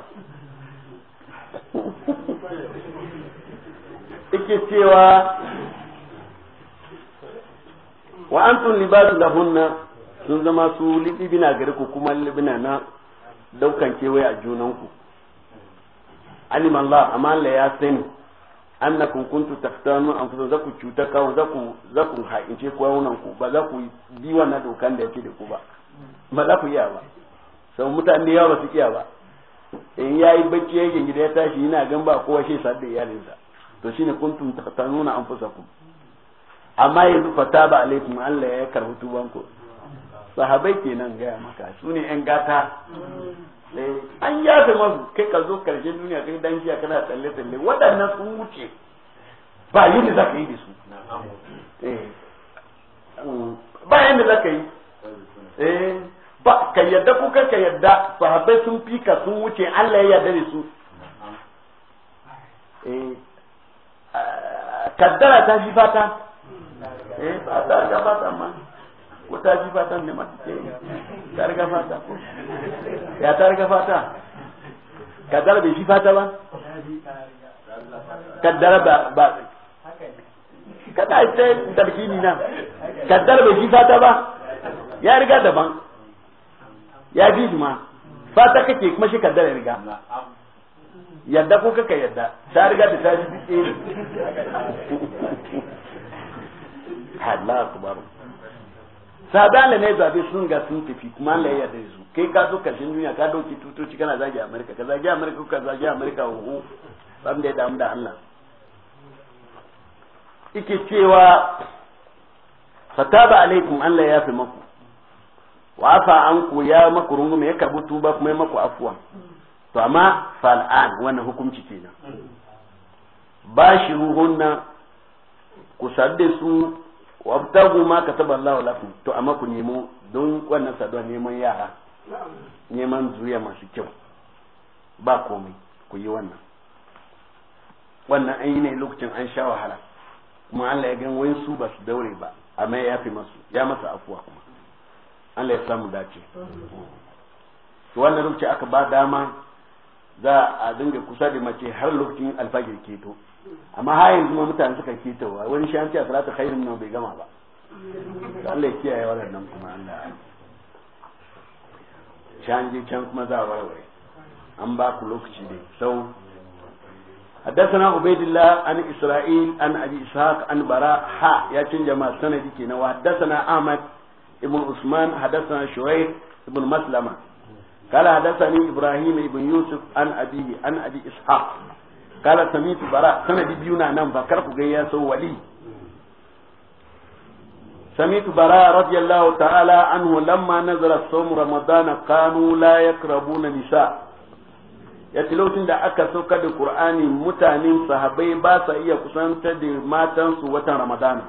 ike cewa wa antun libasu lahunna sun zama su libibina gare ku kuma libina na daukan kewaye a junanku alimallah amma Allah ya sani annakum kuntu taftanu za zaku cuta kawo zaku zaku ha'ince ku wannan ku ba za ku bi wannan dokan da yake da ku ba ba za ku iya ba sau mutane yawa ba su iya ba in yayi bacci ya gida ya tashi yana gan ba kowa shi sadda iyalinsa to shine kuntum taftanuna anfusakum amma yanzu fataba alaikum Allah ya karbi tubanku sahabai kenan gaya maka su ne yan gata eh, an yafe masu kai ka zo karshen duniya kai dan a kana tsalle tsalle waɗannan sun wuce ba yi da ka yi da su eh, ba yi da ka yi eh, ba ka yadda ko ka yadda sahabai sun ka sun wuce Allah ya yadda da su kaddara ta shi fata eh ba ta ga fata ma ko ta ji fata ne masu ce ta riga fata ya ta riga fata kaddara bai ji fata ba kaddara ba ba kada ce ni na kaddara bai ji fata ba ya riga daban ya ji ma fata kake kuma shi kaddara ya riga yadda ko kaka yadda ta riga da ta ji Allah akbar sadala ne zabe sun ga sun tafi kuma Allah ya dai su kai ka zo kashin duniya ka dauki tutoci kana zagi Amerika ka zagi Amerika ka zagi Amerika ho ban da damu da Allah ike cewa fataba alaikum Allah ya fi maku wa afa an ku ya maku rungume ya karbi tuba kuma ya maku afuwa to amma fal'an wannan hukunci kenan ba shi ruhun nan ku sadde su wabtagu ma kataba Allah lakum to amma ku nemo don wannan saduwa neman yara neman zuriya masu kyau ba komai ku yi wannan wannan an yi ne lokacin an sha wahala kuma Allah ya gan wayan su ba su daure ba amma ya fi masu ya masa afuwa kuma Allah ya samu dace to wannan lokaci aka ba dama za a dinga kusa da mace har lokacin alfajir keto amma har yanzu ma mutane suka ke ta wa wani shan cewa salatu khairun nan bai gama ba Allah ya kiyaye wannan kuma Allah shi an je can kuma za a warware an ba ku lokaci dai sau حدثنا عبيد الله عن اسرائيل عن ابي اسحاق عن براء ها يا جماعه سندي كنا وحدثنا احمد ابن عثمان حدثنا شعيب ابن مسلمه قال حدثني ابراهيم ابن يوسف عن ابي عن ابي اسحاق kala samitu bara sanadi biyu na nan ba kar ku ga ya so wali سمعت براء رضي الله تعالى عنه لما نزل الصوم رمضان كانوا na nisa ya lokacin da aka sauka da qur'ani mutanen sahabbai ba sa iya kusantar da matansu watan ramadana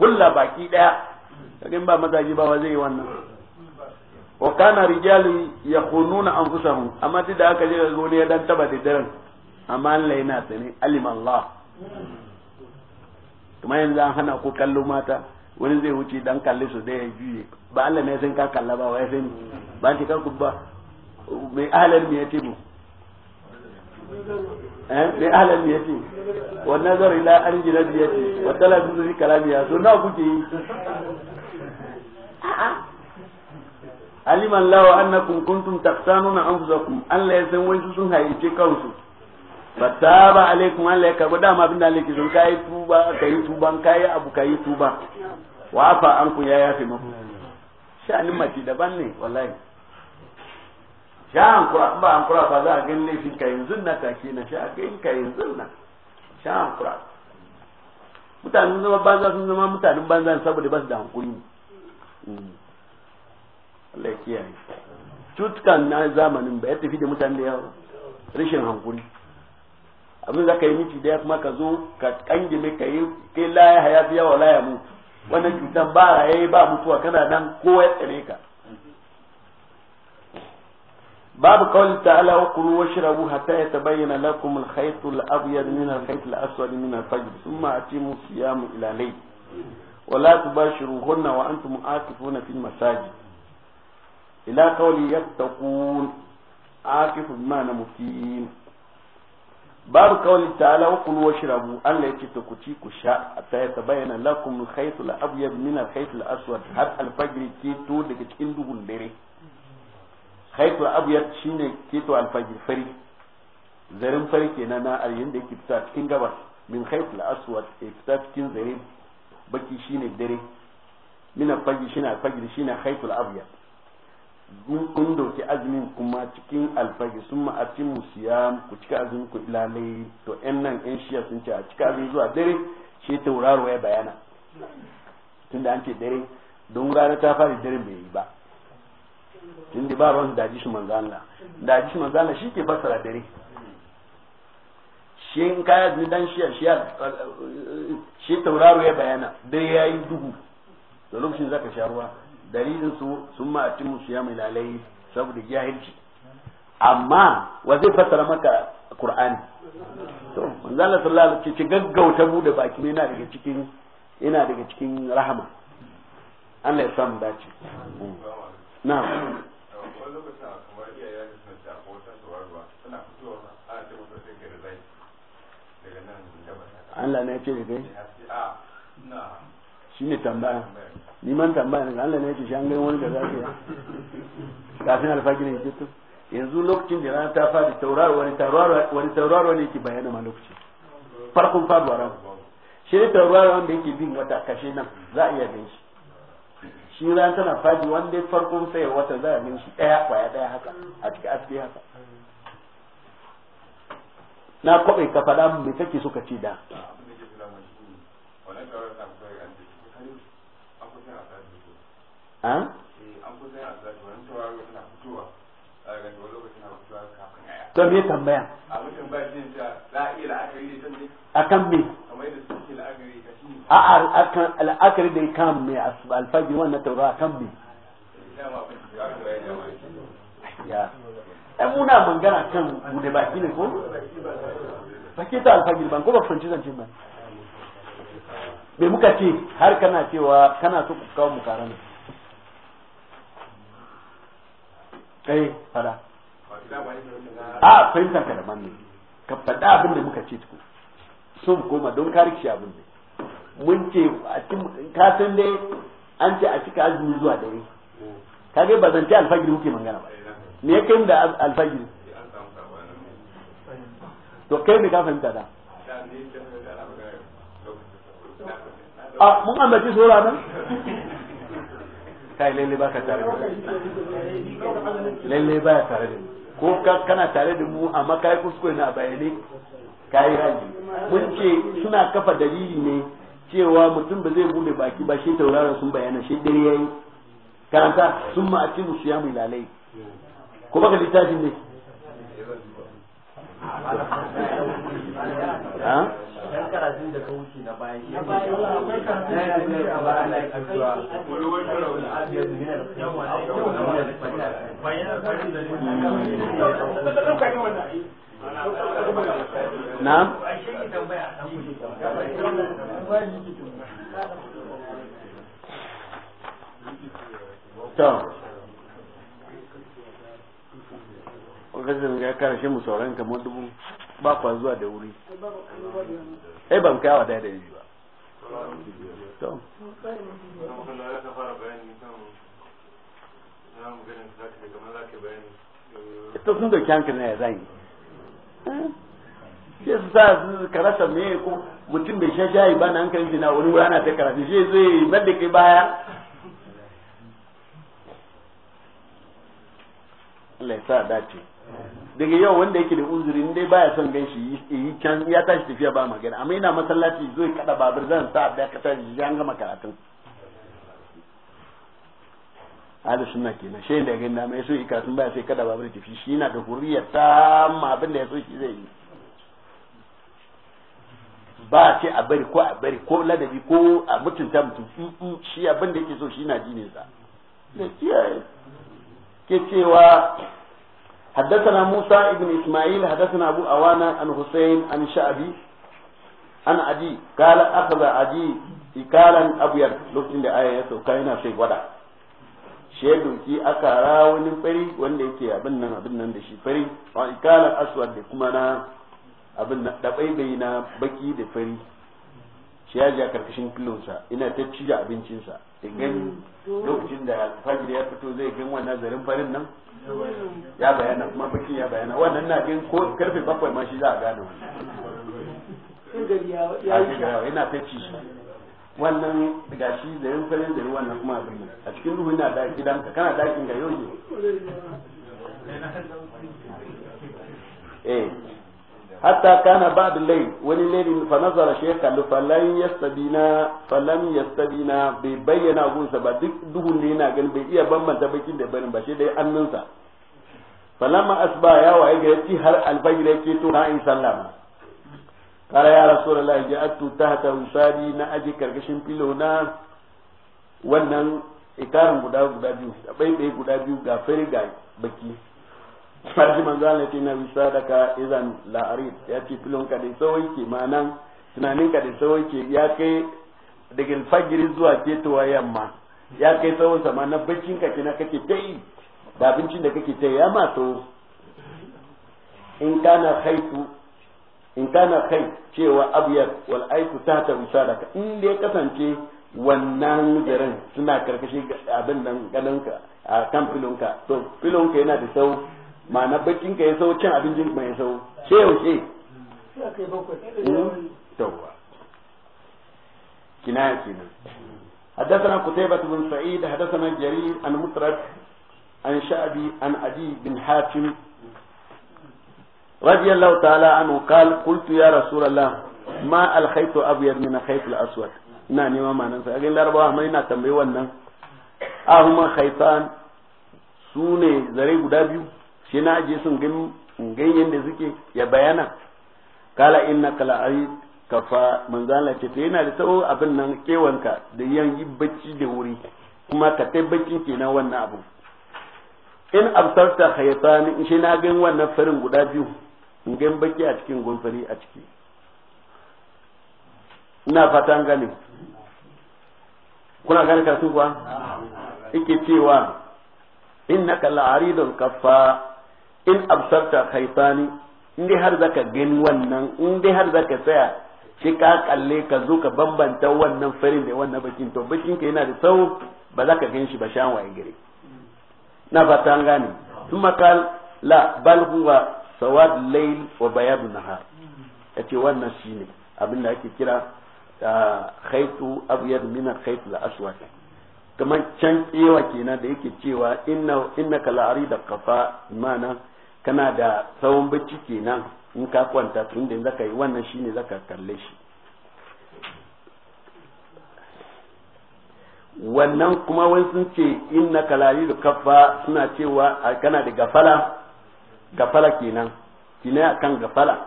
kulla baki daya kagin ba mazaji ba zai yi wannan wa kana rijalu yakhununa anfusahum amma da aka je ga gona ya dan taba da daren amma Allah yana sani alim Allah kuma yanzu an hana ku kallo mata wani zai wuce dan kalle su da ya juye ba Allah ne san ka kalla ba wai sai ba ki ka ku ba mai ahlan ne yace mu eh mai ahlan ne yace wa nazar ila jira bi yace wa talazu zuri kalami ya so na kuke yi aliman lawa annakum kuntum taqtanuna anfusakum Allah ya san wai su sun haice kansu fataba alaikum Allah ya karbi dama abin da Allah ke so kai tuba kai tuban kai abu kai tuba fa an ku ya yafe muku sha'anin mace daban ne wallahi sha'an kura ba an kura fa za a gani laifin ka yanzu na take na sha'a kai kai yanzu na sha'an kura mutanen zama banza sun zama mutanen banza saboda ba su da hankuri mm. Allah ya kiyaye cutukan na zamanin ba ya tafi da mutane da yawa rashin hankuri abin za ka yi miki daya kuma ka zo ka kangime ka yi kai laya haya fiya wa laya mu wannan cutan ba yi ba mutuwa kana nan kowa ya tsare ka babu kawai ta'ala wa kulu wa shirabu hatta ya tabayyana lakum al-khayt al-abyad min al-khayt al-aswad min al-fajr thumma atimu siyam ila layl wa la tubashiruhunna wa antum aqifuna fil masajid ila qawli yattaqun aqifu bima namkin babu kawai ta'ala wa kulu wa shirabu Allah yake ta ku ci ku sha ta ya tabayyana lakum al-khayt al-abyad min al-khayt al-aswad har al-fajr ki to daga cikin duhun dare khayt al-abyad shine ki to al-fajr fari zarin fari kenan na alyin da yake fita cikin gabas min khayt al-aswad ya fita cikin zare baki shine dare min al-fajr shine al-fajr shine khayt al-abyad kun dauki azumin kuma cikin alfahi sun ma'afin musiya ku cika azumin ku ilalai to yan nan yan shiya sun ce a cika azumin zuwa dare shi tauraro ya bayana tun da an ce dare don rana ta fara dare bai yi ba tun da ba ruwan daji shi manzana daji shi manzana shi ke fasara dare shi in kaya azumin dan shiya shiya shi tauraro ya bayana dare ya yi duhu da lokacin zaka sha ruwa dalilin su sun ma atimu su ya milalai saboda jahilci amma wa zai fassara maka qur'ani to manzo Allah sallallahu alaihi wasallam gaggauta da baki ne ina daga cikin ina daga cikin rahama Allah ya samu dace na'am Allah ne ya ce da kai? Shi ne tambaya. ni man tambaya ne Allah ne ya ce shi an ga wani da za ka yi kafin alfagirin shi yanzu lokacin da rana ta fadi tauraro wani tauraro wani tauraro ne yake bayyana ma lokacin farkon faduwa ran shi ne tauraro wanda yake bin wata kashe nan za a iya gan shi shi ran tana fadi wanda farkon sayar wata za a gan shi daya kwaya daya haka a cikin aske haka na kwabe ka faɗa mai kake suka ce da Eh, a to me tambaya akan me a'a akan al'akari da kan me alfajir wannan a kan me ya ai eh, muna mangana kan bude baki ne ko baki ta alfajir ban ko ba fanci zance ba me muka ce har kana cewa kana so ku kawo mu karana eh fada a fahimtar ka da manne ka faɗa abin da muka ce tuku so mu koma don ka rikishi abin da mun ce a cikin ka san dai an ce a cika azumi zuwa dare ka ga ba zance alfajiri muke mangana ba me ya kai da alfajiri to kai me ka fahimta da a mun ambaci sora nan kai lalle ba ka tare da mu lalle ba ya tare da ko kana tare da mu amma kai kuskure na bayane kai haji mun ce suna kafa dalili ne cewa mutum ba zai bude baki ba shi tauraron sun bayana shi dare yayi karanta sun ma atimu siyamu lalai ko baka littafin ne karatun da ka wuce na ya zuwa ba ya mu sauran kamar dubu ba kwa zuwa da wuri ai ba mu kai awa daya da biyu ba to to sun dauki kyan kana ya zan yi eh? shi su sa su karasa me ko mutum bai sha shayi ba na hankali shi na wani wurana ta karatu shi zai bar da kai baya Allah ya sa dace daga yau wanda yake da uzuri in dai baya son gan shi yi can ya tashi tafiya ba magana amma yana masallaci zo ya kada babur zan sa da ka tashi an gama karatun ahli sunna kenan shi da ganin mai so ika sun baya sai kada babur tafi shi yana da hurriya ta ma abin da ya so shi zai yi ba ce a bari ko a bari ko ladabi ko a mutunta mutum shi abin da yake so shi na ne sa da kiyaye ke cewa حدثنا موسى بن إسماعيل حدثنا أبو أوانا عن حسين عن شعبي عن عدي قال أخذ عدي إكالا أبيض lokacin da aya ya sauka yana sai gwada shi ya doki aka ra fari wanda yake abin nan abin nan da shi fari a ikalan aswad da kuma na abin nan da na baki da fari shi ya ji a karkashin kilonsa ina ta ci da abincinsa da gani lokacin da alfajir ya fito zai gan wannan zarin farin nan ya bayana kuma bakin ya bayana wannan na gin ko karfe bakwai ma shi za a gane wannan yana ta ci wannan ga shi da yin farin da wannan kuma abin a cikin ruhu na da ka kana dakin ga yau ne eh hatta kana ba'd layl wani layl fa nazara shaykha li falan yastabina falam yastabina bai bayyana gunsa ba duk duhun ne yana gani bai iya bambanta bakin da barin ba shi dai annansa falamma asba ya waye ga yaci har alfajir yake to na in sallah ma ya rasulullahi ja'atu tahta usadi na aji karkashin filo na wannan ikarin guda guda biyu da bai bai guda biyu ga fari ga baki farji manzo Allah ce na bisa daga izan la'arid ya ci filon ka dai tsawon ke manan tunanin ka dai tsawon ke ya kai daga fajiri zuwa to yamma ya kai tsawon sama na bakin ka kina kake ta yi da abincin da kake ta ya mato in kana haitu in kana kai cewa abiyar wal aiku ta ta wisadaka in da ya kasance wannan garin suna karkashin abin nan gadonka a kan filonka to filonka yana da sau ma'ana bakin ka ya sau cin abincin mai ya sau ce yaushe كناية كنا حدثنا قتيبة بن سعيد حدثنا جرير عن مسرد an sha'abi an aji bin hatim رضي الله تعالى عنه قال قلت يا رسول الله ما الخيط ابيض من الخيط الاسود ina neman manansa a la rabawa mai na tambayi wannan ahuma khaitan su ne zare guda biyu shi na aje sun ganyen da suke ya bayyana kala inna kala ayi kafa manzala ce ta yana da tsawo abin nan kewanka da yan yi bacci da wuri kuma ka tai bacci kenan wannan abu in absarta hayatani in shi na gan wannan farin guda biyu in gan baki a cikin gunfari a ciki ina fatan gane kuna gane karatu kuwa yake cewa innaka la'aridul kaffa in absarta hayatani in dai har zaka gani wannan in dai har zaka tsaya shi ka kalle ka zo ka bambanta wannan farin da wannan bakin to bakin ka yana da tsawo ba za ka gan shi ba shan waye gare na fata an gane la bal huwa sawad layl wa bayad nahar yace wannan shine abin da ake kira khaitu abyad min khayt al aswad kamar can kewa kenan da yake cewa inna innaka la arida qafa mana kana da tsawon bacci kenan in ka kwanta tun da zaka yi wannan shine zaka kalle shi wannan kuma wai sun ce inna kalali da kafa suna cewa a kana da gafala gafala kenan kina kan gafala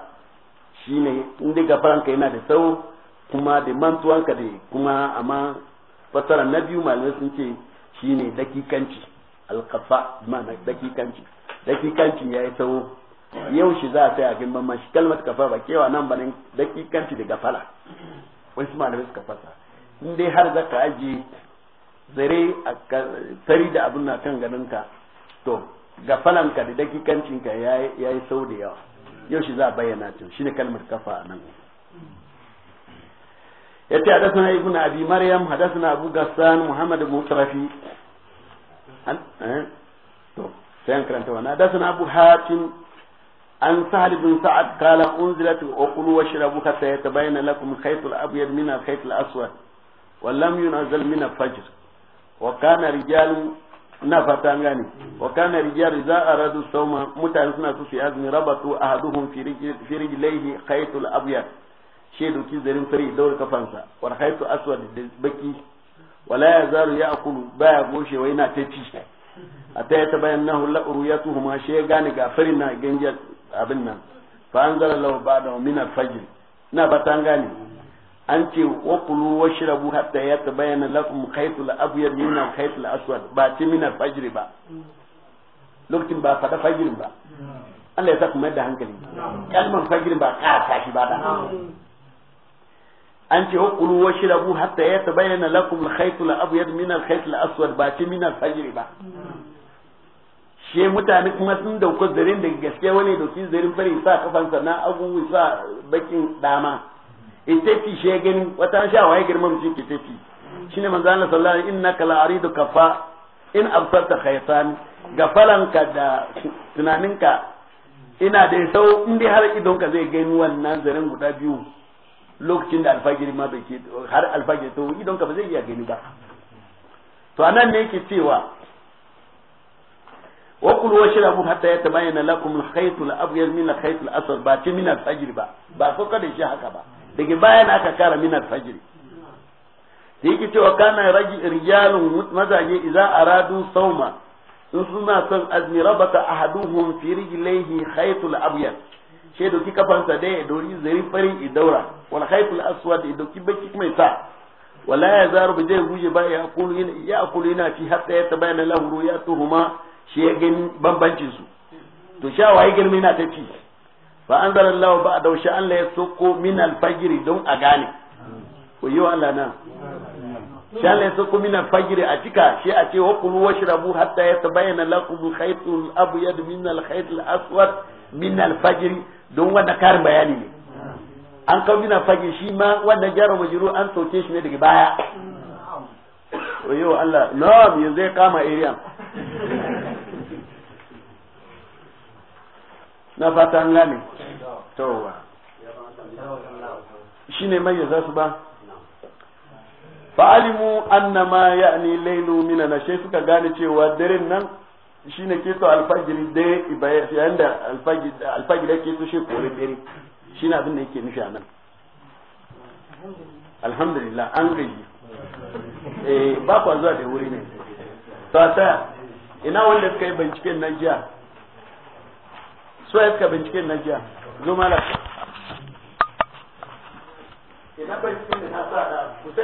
shine inda gafalan yana da tsawo kuma da mantuwan ka da kuma amma fasara na biyu malamai sun ce shine dakikanci alkafa ma'ana dakikanci dakikanci yayi tsawo yau shi za a sai a gimban man shi kalmar kafa ba kewa nan ba dakikanci da gafala wasu malamai suka fasa in dai har zaka ajiye zare a fari da abin na kan ganinka to ga falanka da dakikancinka ya yi sau da yawa yau shi za a bayyana cin shi ne kalmar kafa a nan ya ce hadasana ibn abi maryam hadasana abu gassan muhammad mutrafi eh? to sai an karanta wannan hadasana abu hatim an sahal bin sa'ad qala unzilat uqulu washrabu hatta yatabayyana lakum khaytul abyad min al-khaytil aswad wa lam yunzal min al-fajr wa kana rijalu na fata gane wa kana rijal za a radu sauma mutane suna su fi azumi rabatu ahaduhum fi rijlaihi khaytul abyad she doki zarin fari daura kafansa war khaytu aswad da baki wala yazaru ya'kulu baya goshe wai na ta ci hatta ya tabayyanahu la uruyatuhuma she gane ga farin na ganje abin nan fa anzala lahu ba'da min al-fajr na fata gane an ce wa kulu wa shirabu hatta ya tabayyana lakum khaytul abyad min khaytul aswad ba ti min fajr ba lokacin ba fada fajirin ba Allah ya saka mai da hankali kalmar fajirin ba ka tashi ba da an ce wa kulu wa shirabu hatta ya tabayyana lakum khaytul abyad min khaytul aswad ba ti min fajr ba she mutane kuma sun dauko zarin da gaske wani dauki zarin bari sa kafansa na abubuwa sa bakin dama In e, itefi shi gani wata sha waye girman shi ke tafi shine manzo Allah sallallahu alaihi innaka aridu kafa in absarta khaytan gafalanka da tunaninka ina da sau in dai har ka zai gani wannan zaren guda biyu lokacin da alfajiri ma bai ke har alfajiri to ka ba zai iya gani ba to anan ne yake cewa wa kullu wa shrabu hatta yatabayyana lakum al-khayt al-abyad min al-khayt al-asfar ba ce min al-fajr ba ba ko kada shi haka ba daga baya aka kara min al da yake cewa kana rijalun mazaje idan aradu sauma in suna son azmi rabata ahaduhum fi rijlaihi khaytul abyad she doki kafansa da ya dori zari fari i daura wal khaytul aswad i doki baki mai sa wala ya zaru bi zai guje ba ya kulu yana ya kulu yana fi hatta ya tabayana lahu ru'yatuhuma shi ya gani bambancin su to sha waye girmi na ta ci fa anzalallahu ba da sha la ya soko min alfajiri don a gane ko yi Allah na sha la ya soko min alfajiri a cika shi a ce wa kulu washrabu hatta yatabayyana lakum khaytul abyad min alkhaytil aswad min alfajiri don wanda karin bayani ne an kawo min alfajiri shi ma wanda jarar majiru an soke shi ne daga baya ko yi Allah na'am yanzu ya kama area na fata an gane towa shi ne mai za su ba fa'alimu annama ni lailu mina na shai suka gane cewa daren nan shi ne keto alfajiri dai yayin da alfajiri ke so shi kore dare shi ne abin da yake nufi a nan alhamdulillah an gaji eh ba kwa zuwa da wuri ne ta ina wanda suka yi binciken na jiya so ya suka binciken na jiya zo mala idan binciken da na sa da